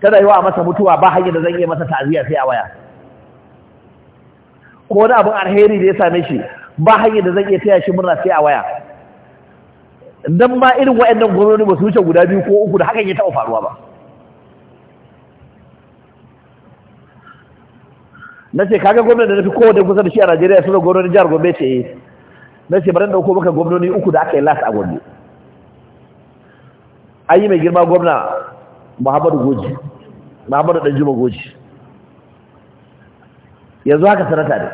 tana yi wa masa mutuwa ba hanyar da zan iya masa ta'aziyya sai a waya ko wani abin alheri da ya same shi ba hanyar da zan iya taya shi murna sai a waya don ma irin waɗannan gwamnoni ba su wuce guda biyu ko uku da hakan ya taɓa faruwa ba na ce kaga gwamnati da na fi kowane kusa da shi a najeriya suna gwamnoni jihar gombe ce na ce bari dauko maka gwamnoni uku da aka yi las a gombe an yi mai girma gwamna muhammadu goji muhammadu Ɗanjima goji yanzu haka sanata ne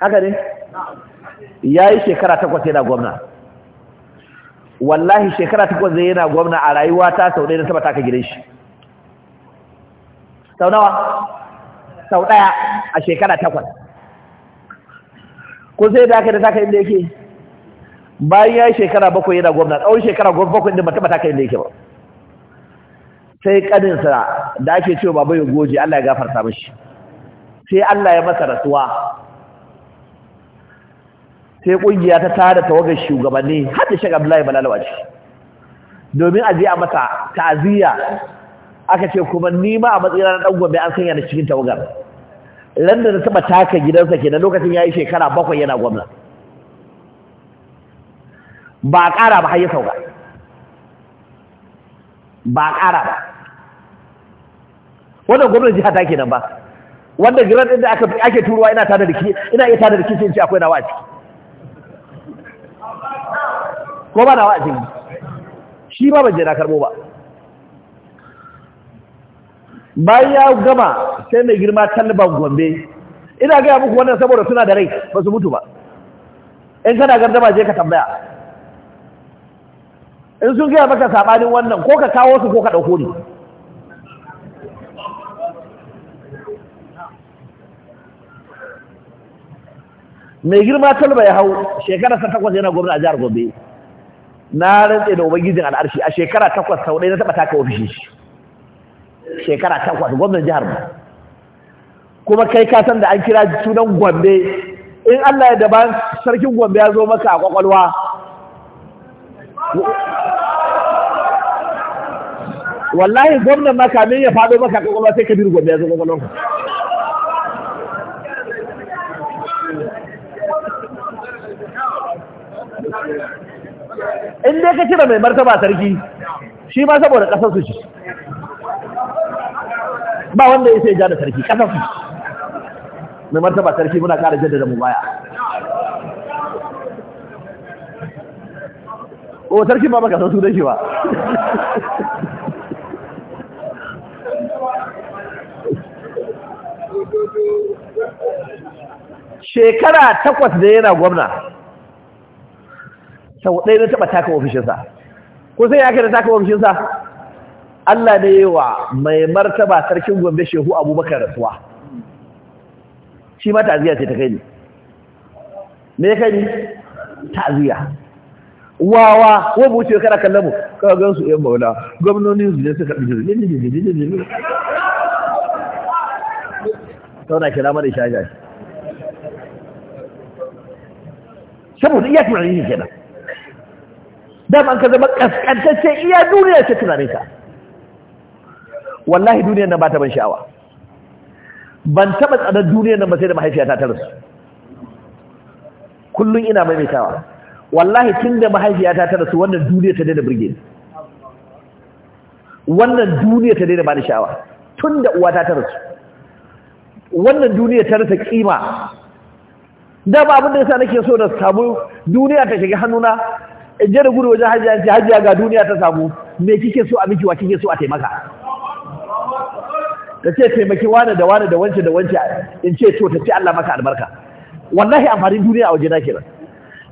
haka ne ya yi shekara takwas yana gwamna wallahi shekara takwas kwanza yana gwamna a rayuwa ta sau ɗaya na taba taka gidan shi sau nawa sau ɗaya a shekara takwas ko sai da aka yi da taka inda yake bayan ya yi shekara bakwai yana gwamna tsawon shekara bakwai inda ba taka inda yake ba sai ƙaninsa da ake cewa babu ya goji Allah ya gafarta mashi sai Allah ya masa rasuwa sai kungiya ta tada tawagar shugabanni har da Sheikh Abdullahi Balalawa ce domin aje a mata taziya aka ce kuma ni ma a matsayin na dan gobe an sanya da cikin tawagar randa da taba taka gidansa kenan lokacin yayi shekara bakwai yana gwamna ba ƙara ba har ya sauka ba ƙara ba wannan gwamnati jiha ta nan ba wanda giran din da ake turuwa ina tada da ina iya tada da akwai nawa a ciki ko ba da wa a cikin shi ba ban je na karbo ba bayan ya gama sai mai girma talibar gombe ina gaya muku wannan saboda suna da rai ba su mutu ba in kana gardama je ka tambaya in sun gaya maka sabanin wannan ko ka kawo su ko ka ɗauko ne mai girma talba ya hau shekararsa takwas yana gwamna a jihar gombe na rantse da ubangijin al'arshi a shekara takwas sau ɗaya na taɓa taka ofishi shi shekara takwas gwamnan jihar mu kuma kai ka san da an kira sunan gombe in Allah ya daban sarkin gombe ya zo maka a kwakwalwa wallahi gwamnan min ya faɗo maka a kwakwalwa sai ka biyu gombe ya zo kwakwalwa in dai ka kira mai martaba sarki shi ma saboda ƙasar su ce ba wanda ya sai ja da sarki ƙasar su mai martaba sarki muna ƙara jaddada mu baya o sarki ba maka san su dai ba shekara takwas da yana gwamna sau ɗaya na taɓa taka ofishinsa ko sai ya kai da taka ofishinsa Allah ne yi wa mai martaba sarkin gombe shehu abubakar rasuwa shi ma ta'aziyya ce ta kai ne me ya kai ne ta'aziyya wawa ko buce kana kallamu kaga gansu yan maula gwamnonin su ne suka bije ne ne ne ne ne tauna kira mana shaja saboda iya tunanin ne kenan daman ka zama kaskantacce iya duniya ce tunane ka wallahi duniyar nan ba ta ban sha'awa ban taɓa tsadar duniyar nan ba sai da mahaifiyata ta rasu kullum ina maimaitawa wallahi tun da mahaifiyata ta rasu wannan duniyar ta daina birge wannan duniyar ta daina bani sha'awa tun da uwata ta rasu wannan duniyar ta rasa kima da ba abin da ya sa nake so da samu duniya ta shiga hannuna in je da gudu wajen hajji ce hajjiya ga duniya ta samu me kike so a miki wa kike so a taimaka ta ce taimaki wani da wani da wance da wance in ce to ta ce Allah maka albarka wallahi amfanin duniya a waje na kenan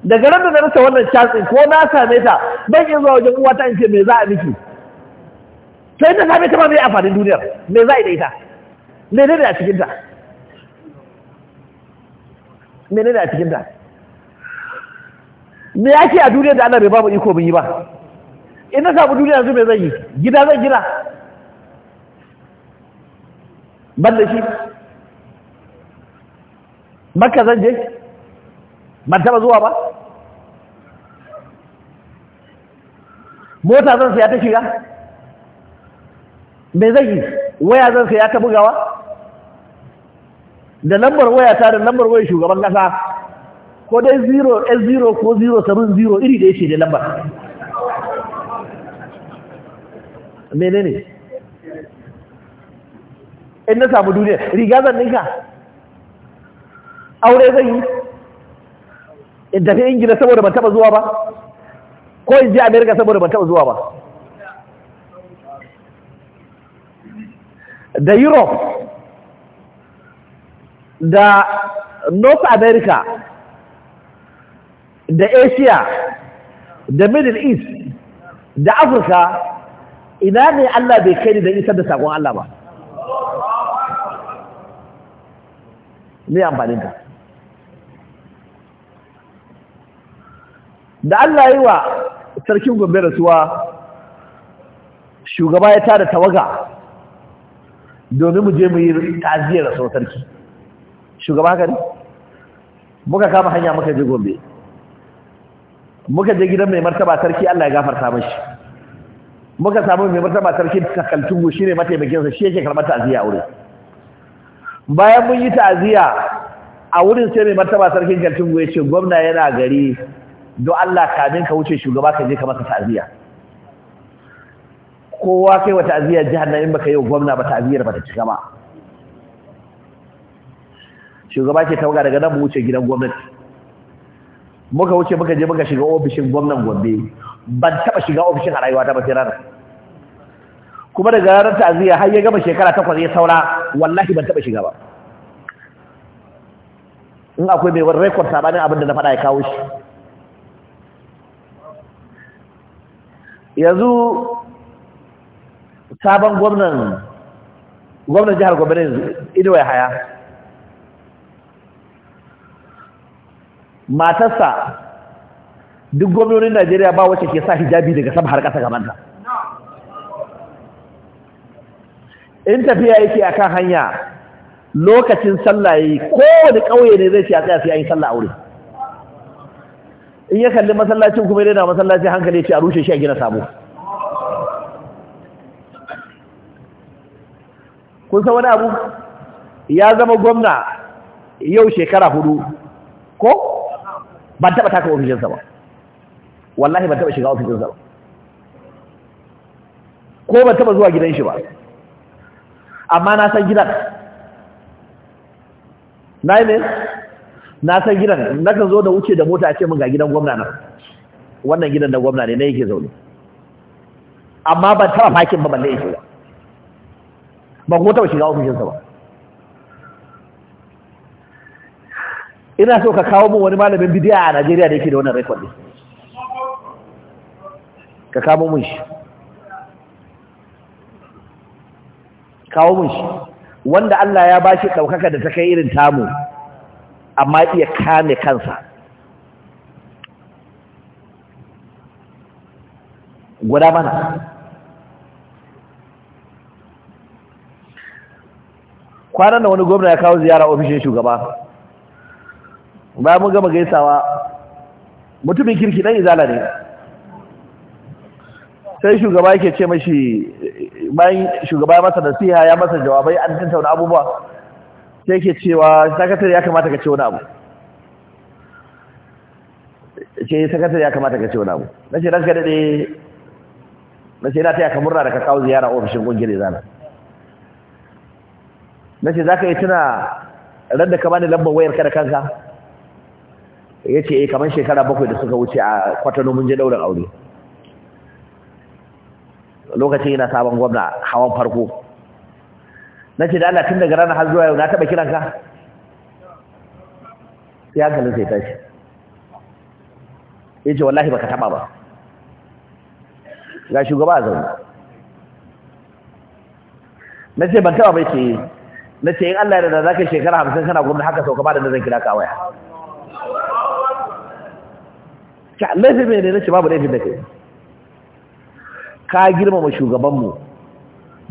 daga ran da na rasa wannan chance ko na same ta ban yi zuwa wajen uwata in ce me za a miki sai ta same ta ba mai amfanin duniyar me za a yi da ita da a cikinta da a cikinta me yake a duniya da Allah bai babu iko mun yi ba in na samu duniya yanzu me zan yi gida zan gina ban da shi makka zan je ban taba zuwa ba mota zan saya ta shiga me zan yi waya zan saya ta bugawa da lambar waya ta da lambar waya shugaban kasa ko dai 0 s0 ko 070 iri da yake da lambar menene in na samu duniya riga zan ninka aure zan yi in tafi ingila saboda ban taba zuwa ba ko in je america saboda ban taba zuwa ba da europe da north america da asia da middle east da afirka ina ne allah bai kai ni da isar da sakon allah ba ne amfani da allah yi wa sarkin gombe rasuwa shugaba ya tada tawaga domin mu je mu yi taziyar rasuwar sarki shugaba gari muka kama hanya muka je gombe muka je gidan mai martaba sarki Allah ya gafarta mashi muka samu mai martaba sarki takaltungu shine mataimakin sa shi yake karɓar ta'aziyya aure bayan mun yi ta'aziyya a wurin sai mai martaba sarkin kaltungu ya ce gwamna yana gari don Allah kamin ka wuce shugaba ka je ka masa ta'aziyya kowa kai wa ta'aziyar jihar in baka yi wa gwamna ba ta'aziyar ba ta cika ba shugaba ke tawaga daga nan mu wuce gidan gwamnati muka wuce muka je muka shiga ofishin gwamnan Gombe ban taba shiga ofishin a ta ba kuma daga ranar ta'aziyya har ya gama shekara takwas ya saura wallahi ban taba shiga ba in akwai mai rekord sabanin abin da na faɗa ya kawo shi yanzu sabon gwamnan gwamnan jihar gwamnan ne ya haya matarsa duk gwamnonin Najeriya ba wacce ke sa hijabi daga sama har ƙasa gabanta in tafiya yake akan hanya lokacin sallah yi kowane ƙauye ne zai ce a tsaya sai an yi sallah aure in ya kalli masallacin kuma yana masallaci hankali ce a rushe shi a gina sabo kun san wani abu ya zama gwamna yau shekara hudu ko ban taɓa taka ofishinsa ba wallahi ban taɓa shiga ofishinsa ba ko ban taɓa zuwa gidan shi ba amma na san gidan na yi ne na san gidan na kan zo da wuce da mota a ce mun ga gidan gwamna na wannan gidan da gwamna ne na yake zaune amma ban taɓa fakin ba balle ya shiga ban kuma taɓa shiga ofishinsa ba ina so ka kawo mun wani malamin bidiya a Najeriya da yake da wannan record din ka kawo mun shi kawo mun shi wanda Allah ya bashi daukaka da ta kai irin tamu amma iya kame kansa guda mana kwanan da wani gwamna ya kawo ziyara ofishin shugaba ba mun gama gaisawa mutumin kirki dan izala ne sai shugaba yake ce mashi bayan shugaba ya masa nasiha ya masa jawabai an wani abubuwa sai yake cewa sakatare ya kamata ka ce wani abu ce eh, sakatare ya kamata ka ce wani abu na ce ranka dade na ce na taya ka murna da ka kawo ziyara ofishin kungiyar izala na ce za ka yi tuna ran da ka bani lambar wayar ka da kanka ya ce eh, kamar shekara bakwai da suka wuce a kwatano mun je ɗaurin aure lokacin yana sabon gwamna hawan farko na ce da Allah tun daga ranar har zuwa yau na taɓa ka? ya hankalin sai tashi ya ce wallahi baka taɓa ba ga shugaba a zaune na ce ban taɓa bai ce eh. na ce in Allah ya da za ka shekara hamsin kana gwamna haka sauka ba da na zan kira ka waya ka laifin ne na ce babu laifin da kai ka girmama shugabanmu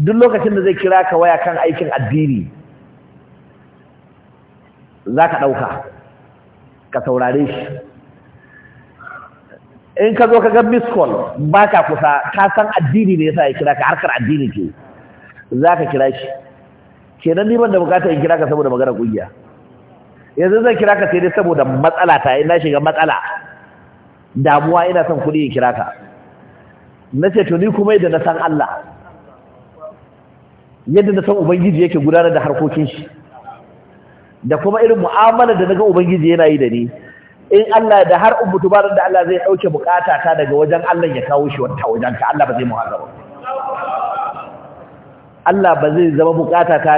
duk lokacin da zai kira ka waya kan aikin addini za ka ɗauka ka saurare shi in ka zo ka ga miskol ba ka kusa ka san addini ne yasa ya kira ka harkar addini ke za ka kira shi kenan neman da bukatar in kira ka saboda magana ƙungiya yanzu zan kira ka sai dai saboda matsala ta yi na shiga matsala damuwa ina son kuɗi ya kira ka na ce to ni kuma yadda na san Allah yadda na san ubangiji yake gudanar da harkokin shi da kuma irin mu'amala da naga ubangiji yana yi da ni in Allah da har in mutu da Allah zai ɗauke bukata ta daga wajen Allah ya kawo shi wata wajen ka Allah ba zai ba. Allah ba zai zama bukata ta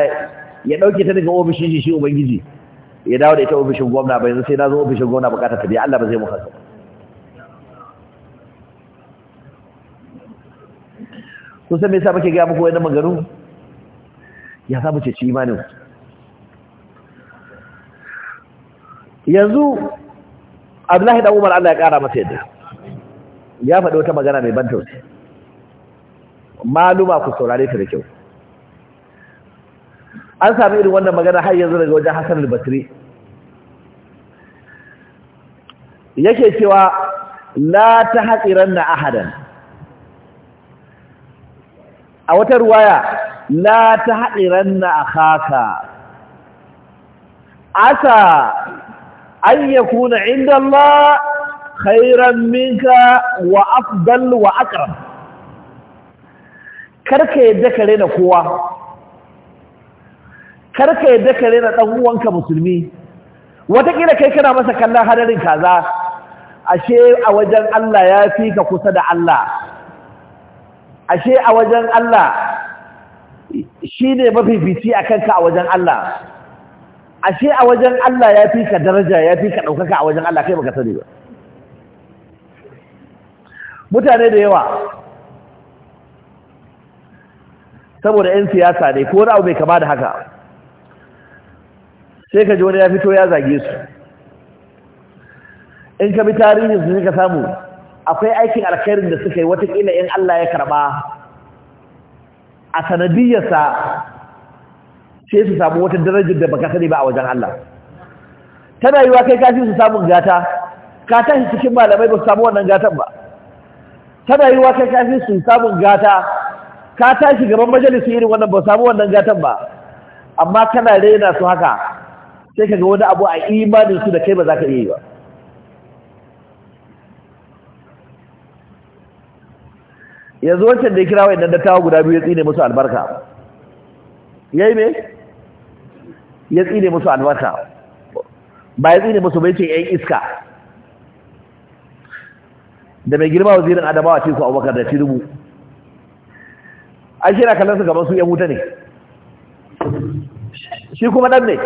ya ɗauke ta daga ofishin shi shi ubangiji ya dawo da ita ofishin gwamna ba yanzu sai na zo ofishin gwamna bukata ta biya Allah ba zai muhazaba kun san me yasa muke ga muku wannan maganganu ya sa mu ce ci imanin yanzu Abdullahi dan Umar Allah ya kara masa yadda ya faɗi wata magana mai ban tausayi maluma ku saurare ta da kyau an sami irin wannan magana har yanzu daga wajen Hassan al-Basri yake cewa la tahqiranna ahadan a wata ruwaya la ta haɗiranna a haka asa an ya kuna inda Allah khairan minka wa afdal wa akram karka yadda ka rena kowa karka yadda ka rena ɗan uwanka musulmi watakila kai kana masa kallon hadarin kaza ashe a wajen Allah ya fi ka kusa da Allah ashe a wajen Allah shi ne mafifici a kanka a wajen Allah ashe a wajen Allah ya fi ka daraja ya fi ka ɗaukaka a wajen Allah kai baka sani ba mutane da yawa saboda 'yan siyasa ne ko wani abu mai kama da haka sai ka ji wani ya fito ya zage su in ka bi tarihin su ka samu akwai aikin alkhairin da suka yi watakila in Allah ya karba a sanadiyarsa sai su samu wata darajar da baka sani ba a wajen Allah tana yiwa kai kafin su samu gata ka tashi cikin malamai ba su samu wannan gatan ba tana yiwa kai kafin su samu gata ka tashi gaban majalisi irin wannan ba su samu wannan gatan ba amma kana rena su haka sai kaga wani abu a imanin su da kai ba za ka iya yi ba yanzu wancan da ya kira da dattawa guda biyu ya tsine musu albarka yi me ya tsine musu albarka ba ya tsine musu bai ce yan iska da mai girma wazirin adamawa ce su abubakar da tinubu an shirya kallon su gaban su yan wuta ne shi kuma dan ne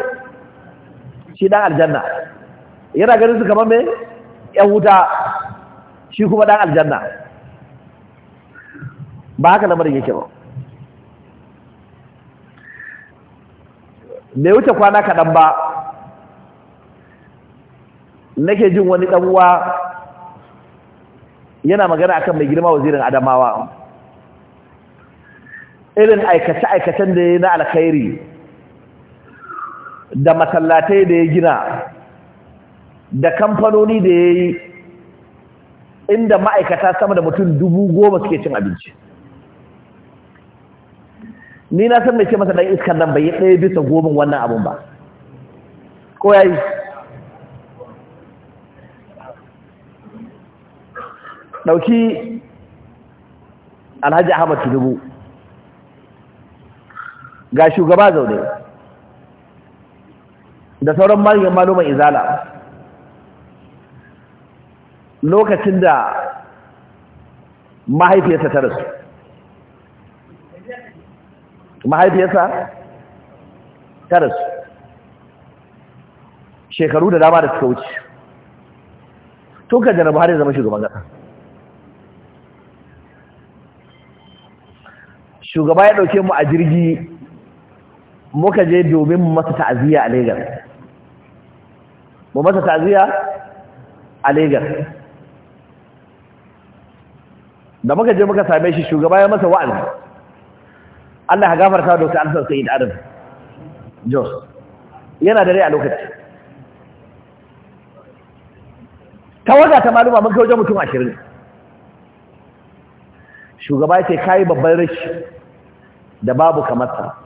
shi dan aljanna yana ganin su kamar me yan wuta shi kuma dan aljanna ba haka lamarin yake ba mai wuce kwana kaɗan ba nake jin wani ɗan'uwa yana magana akan mai girma wazirin adamawa irin aikace-aikacen da ya na alkhairi da masallatai da ya gina da kamfanoni da ya yi inda ma'aikata sama da mutum dubu goma suke cin abinci ni na san mai ce masa dan iskar nan bai ɗaya bisa goma wannan abun ba ko yayi Ɗauki Alhaji Ahmad Tinubu ga shugaba zaune da sauran manyan maluman izala lokacin da mahaifiyarsa ta rasu mahaifiyarsa ta su shekaru da dama da suka wuce tun kan janar buhari zama shugaban ƙasa shugaba ya ɗauke mu a jirgi muka je domin masa ta'aziyya a legar mu masa ta'aziyya a Legas. da muka je muka same shi shugaba ya masa wa'azi Allah ya gafarta da Dr. ansar Sayyid Adam Jos yana da rai a lokaci tawaga ta maluma mun kai wajen mutum ashirin shugaba ce kayi babban rashi da babu kamarsa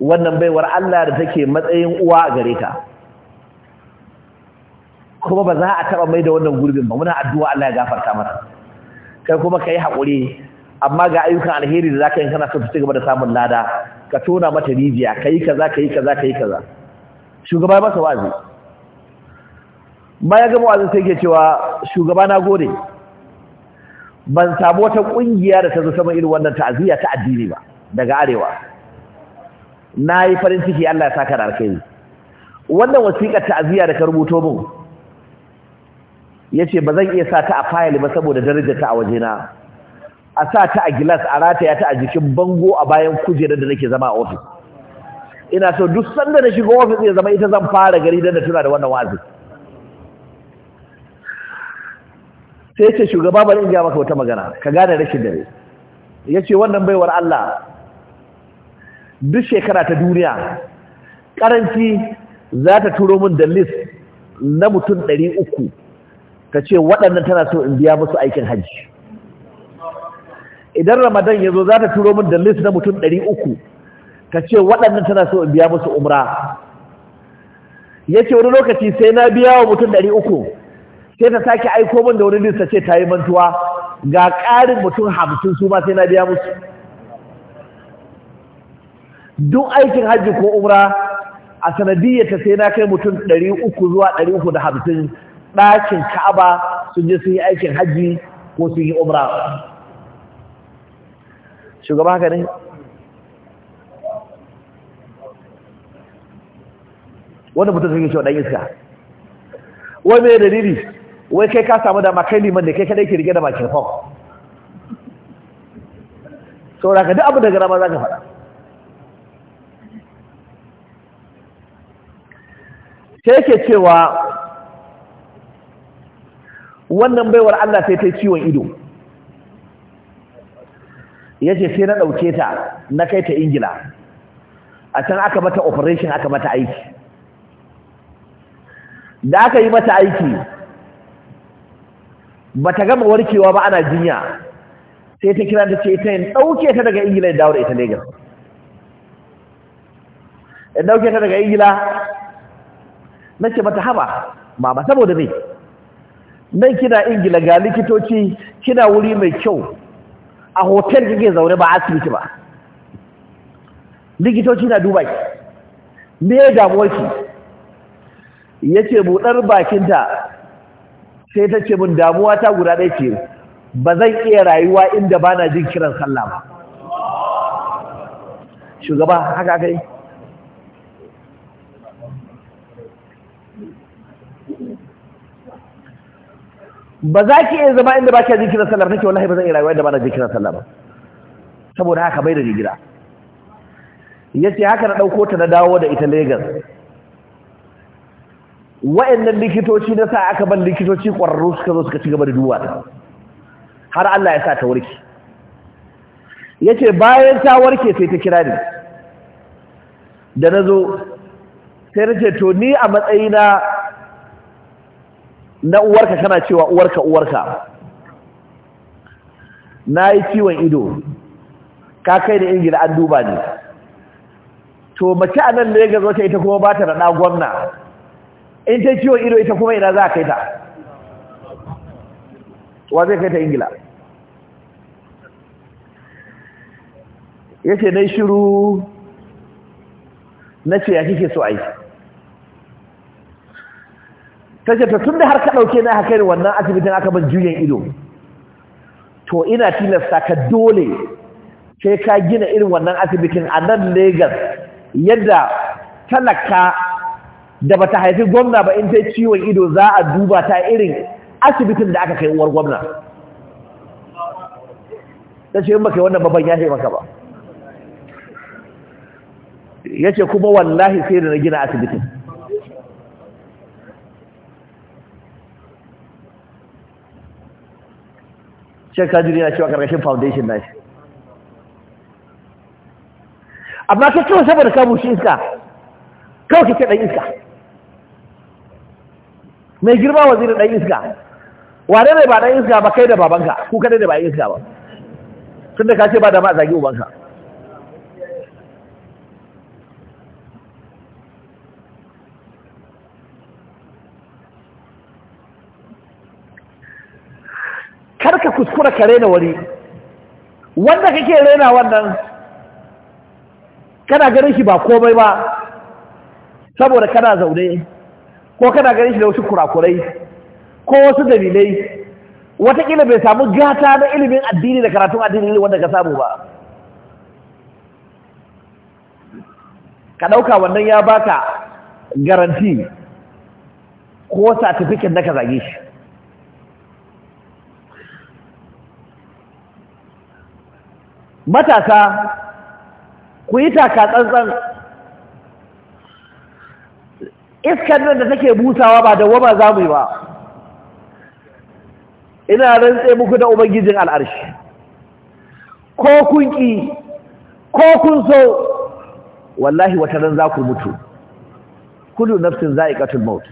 wannan baiwar Allah da take matsayin uwa a gare ta. kuma ba za a taba mai da wannan gurbin ba muna addu'a Allah ya gafarta mata kai kuma kai haƙuri amma ga ayyukan alheri da zaka yi kana so ka ci gaba da samun lada ka tona mata rijiya kai kaza kai kaza kai kaza shugaba ya masa wazi bayan gama wazin sai ke cewa shugaba na gode ban samu wata kungiya da ta zo sama irin wannan ta'aziyya ta addini ba daga arewa na yi farin ciki Allah ya saka da alkhairi wannan wasiƙar ta'aziyya da ka rubuto min yace ba zan iya sa ta a fayil ba saboda darajarta ta a wajena a sa ta a gilas a rataya ta a jikin bango a bayan kujerar da nake zama a ofis ina so duk sanda na shiga ofis ya zama ita zan fara gari don da tuna da wannan wazi sai ce shugaba bari in ga maka wata magana ka gane rashin dare ya ce wannan baiwar Allah duk shekara ta duniya karanci za ta turo min da list na mutum ɗari uku ta ce waɗannan tana so in biya musu aikin hajji idan ramadan ya zo za ta turo min da list na mutum ɗari uku ta ce waɗannan tana so in biya musu umra ya ce wani lokaci sai na biya wa mutum ɗari uku sai ta sake aiko min da wani list ta ce ta yi mantuwa ga ƙarin mutum hamsin su ma sai na biya musu duk aikin hajji ko umra a sanadiyyarta ta sai na kai mutum ɗari uku zuwa ɗari uku da hamsin ɗakin ka'aba sun je sun yi aikin hajji ko sun yi umra shugaba haka ne wanda mutum suke cewa ɗan iska wai mai dalili wai kai ka samu dama kai liman da kai kadai ke rike da bakin fok da ka duk abu da ma za ka faɗa sai yake cewa wannan baiwar Allah sai ta yi ciwon ido ya ce sai na ɗauke ta na kai ta ingila a can aka mata operation aka mata aiki da aka yi mata aiki ba ta gama warkewa ba ana jinya sai ta kira ta ce ita yin ɗauke ta daga ingila ya dawo da ita legas ya ɗauke ta daga ingila na ce mata haba mama saboda ne nan kina ingila ga likitoci kina wuri mai kyau a hotel kike zaune ba asibiti ba likitoci na duba ki me ya damuwa ki yace budar bakinta sai ta ce min damuwa ta guda ɗaya ce ba zan iya rayuwa inda bana jin kiran sallah ba shugaba haka kai ba za ki iya zama inda ba ki jin sallah nake wallahi ba zan iya rayuwa inda ba na jin sallah ba saboda haka bai da rigira yace haka na dauko ta na dawo da ita Lagos wa'annan likitoci na sa aka ban likitoci kwararru suka zo suka ci gaba da duwa har Allah ya sa ta warke yace bayan ta warke sai ta kira ni da nazo sai nace to ni a matsayina na uwarka kana cewa uwarka uwarka na yi ciwon ido ka kai da ingila an duba ne to mace a nan lagos ta ita kuma ba ta da ɗa gwamna in ta ciwon ido ita kuma ina za a kai ta wa zai kai ta ingila ya ce na shiru na ce ya kike so aiki ta ce ta tun da har ka ɗauke na haka ne wannan asibitin aka ban juyen ido to ina tilasta ka dole sai ka gina irin wannan asibitin a nan Legas yadda talaka da bata haifi gwamna ba in ta ciwon ido za a duba ta irin asibitin da aka kai uwar gwamna ta ce yin baka yi wannan babban ya maka ba ya ce kuma wallahi sai da na gina asibitin shek sajiri yana cewa karkashin foundation na shi amma ta kawai saboda kamun shi iska kawai kake ɗan iska mai girma wazirin ɗan iska wane ne ba ɗan iska ba kai da babanka ku kada da ba iska ba tun da ka ce ba da ma zagi ubanka karka kuskura ka rena wani wanda kake rena wannan kana ganin shi ba komai ba saboda kana zaune ko kana ganin shi da wasu kurakurai ko wasu dalilai watakila bai samu gata na ilimin addini da karatun addini wanda ka samu ba ka ɗauka wannan ya baka garanti ko satifikin da ka zage shi matasa ku yi taka tsantsan iskar nan da take busawa ba da wama za mu yi ba ina rantse muku da ubangijin al'arshi ko kun ki ko kun so wallahi wata ran za ku mutu kullu nafsin za'iqatul maut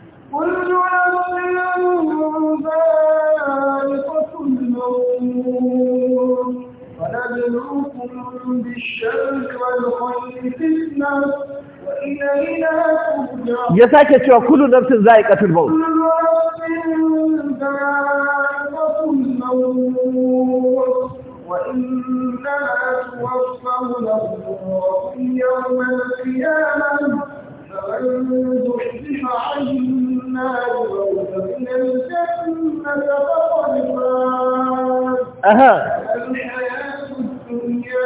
بالشر والخير فتنة وإلينا ترجعون يا ساكت شو كل نفس ذائقة في كل نفس يوم القيامة الجنة فقد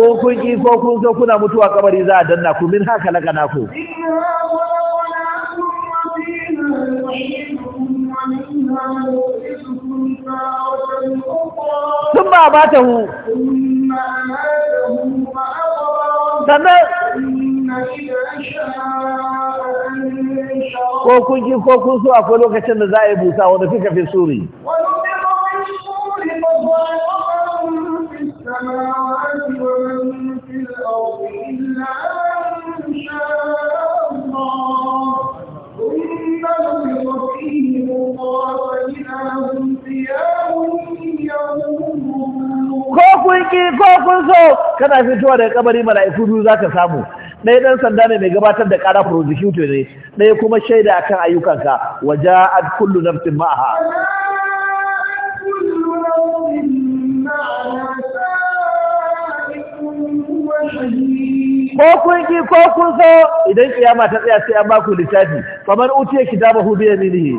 ko kun ki ko kun so kuna mutuwa kabari za a danna ku min haka laka na ku sun ba ba ta hu sannan ko kun ki ko kun so akwai lokacin da za a yi busa wanda suka fi suri mun so kana fitowa daga kabari mala'iku biyu ka samu ɗaya ɗan sanda ne mai gabatar da ƙara prosecutor ne ɗaya kuma shaida akan ayyukanka waja'at kullu nafsin ma'aha ko kun ki ko kun so idan kiyama ta tsaya sai an ba ku littafi kamar utiya kitabahu bi yaminihi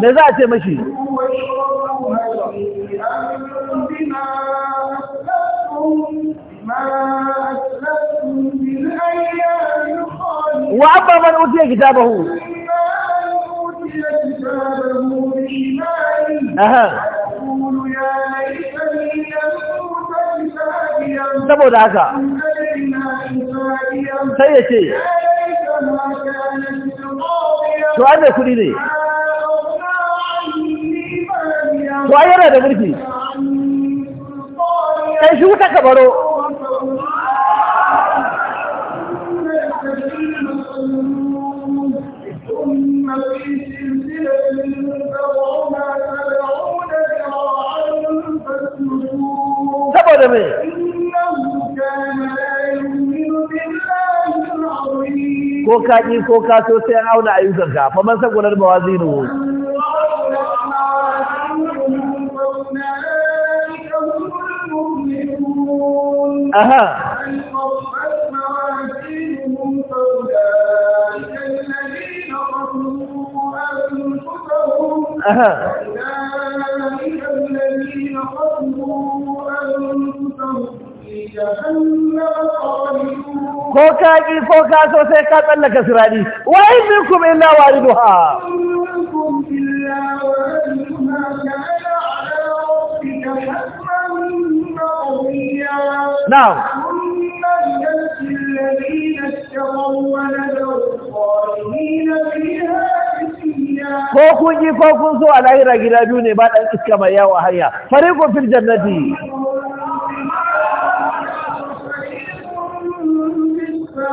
me za a ce mashi wa amma man utiya kitabahu aha saboda haka sai ya ce to an mai kuɗi ne to an yana da mulki ɗan shi wuta kabaro saboda mai ko ka ƙi ko ka so sai an auna ayyukanka fa man sagular mawazinu aha aha ko ka ki ko ka so sai ka tsallaka sirani wa minkum illa wariduha Now, ko kun yi ko kun so a lahira gida biyu ne ba ɗan iska mai yawa hanya fariqun fil jannati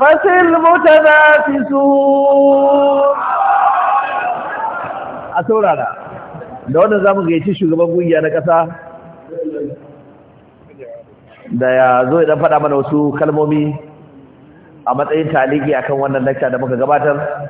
ففي المتنافسون a saurara da wannan zamu gayyaci shugaban kungiya na kasa da ya zo idan faɗa mana wasu kalmomi a matsayin taliki akan wannan lakta da muka gabatar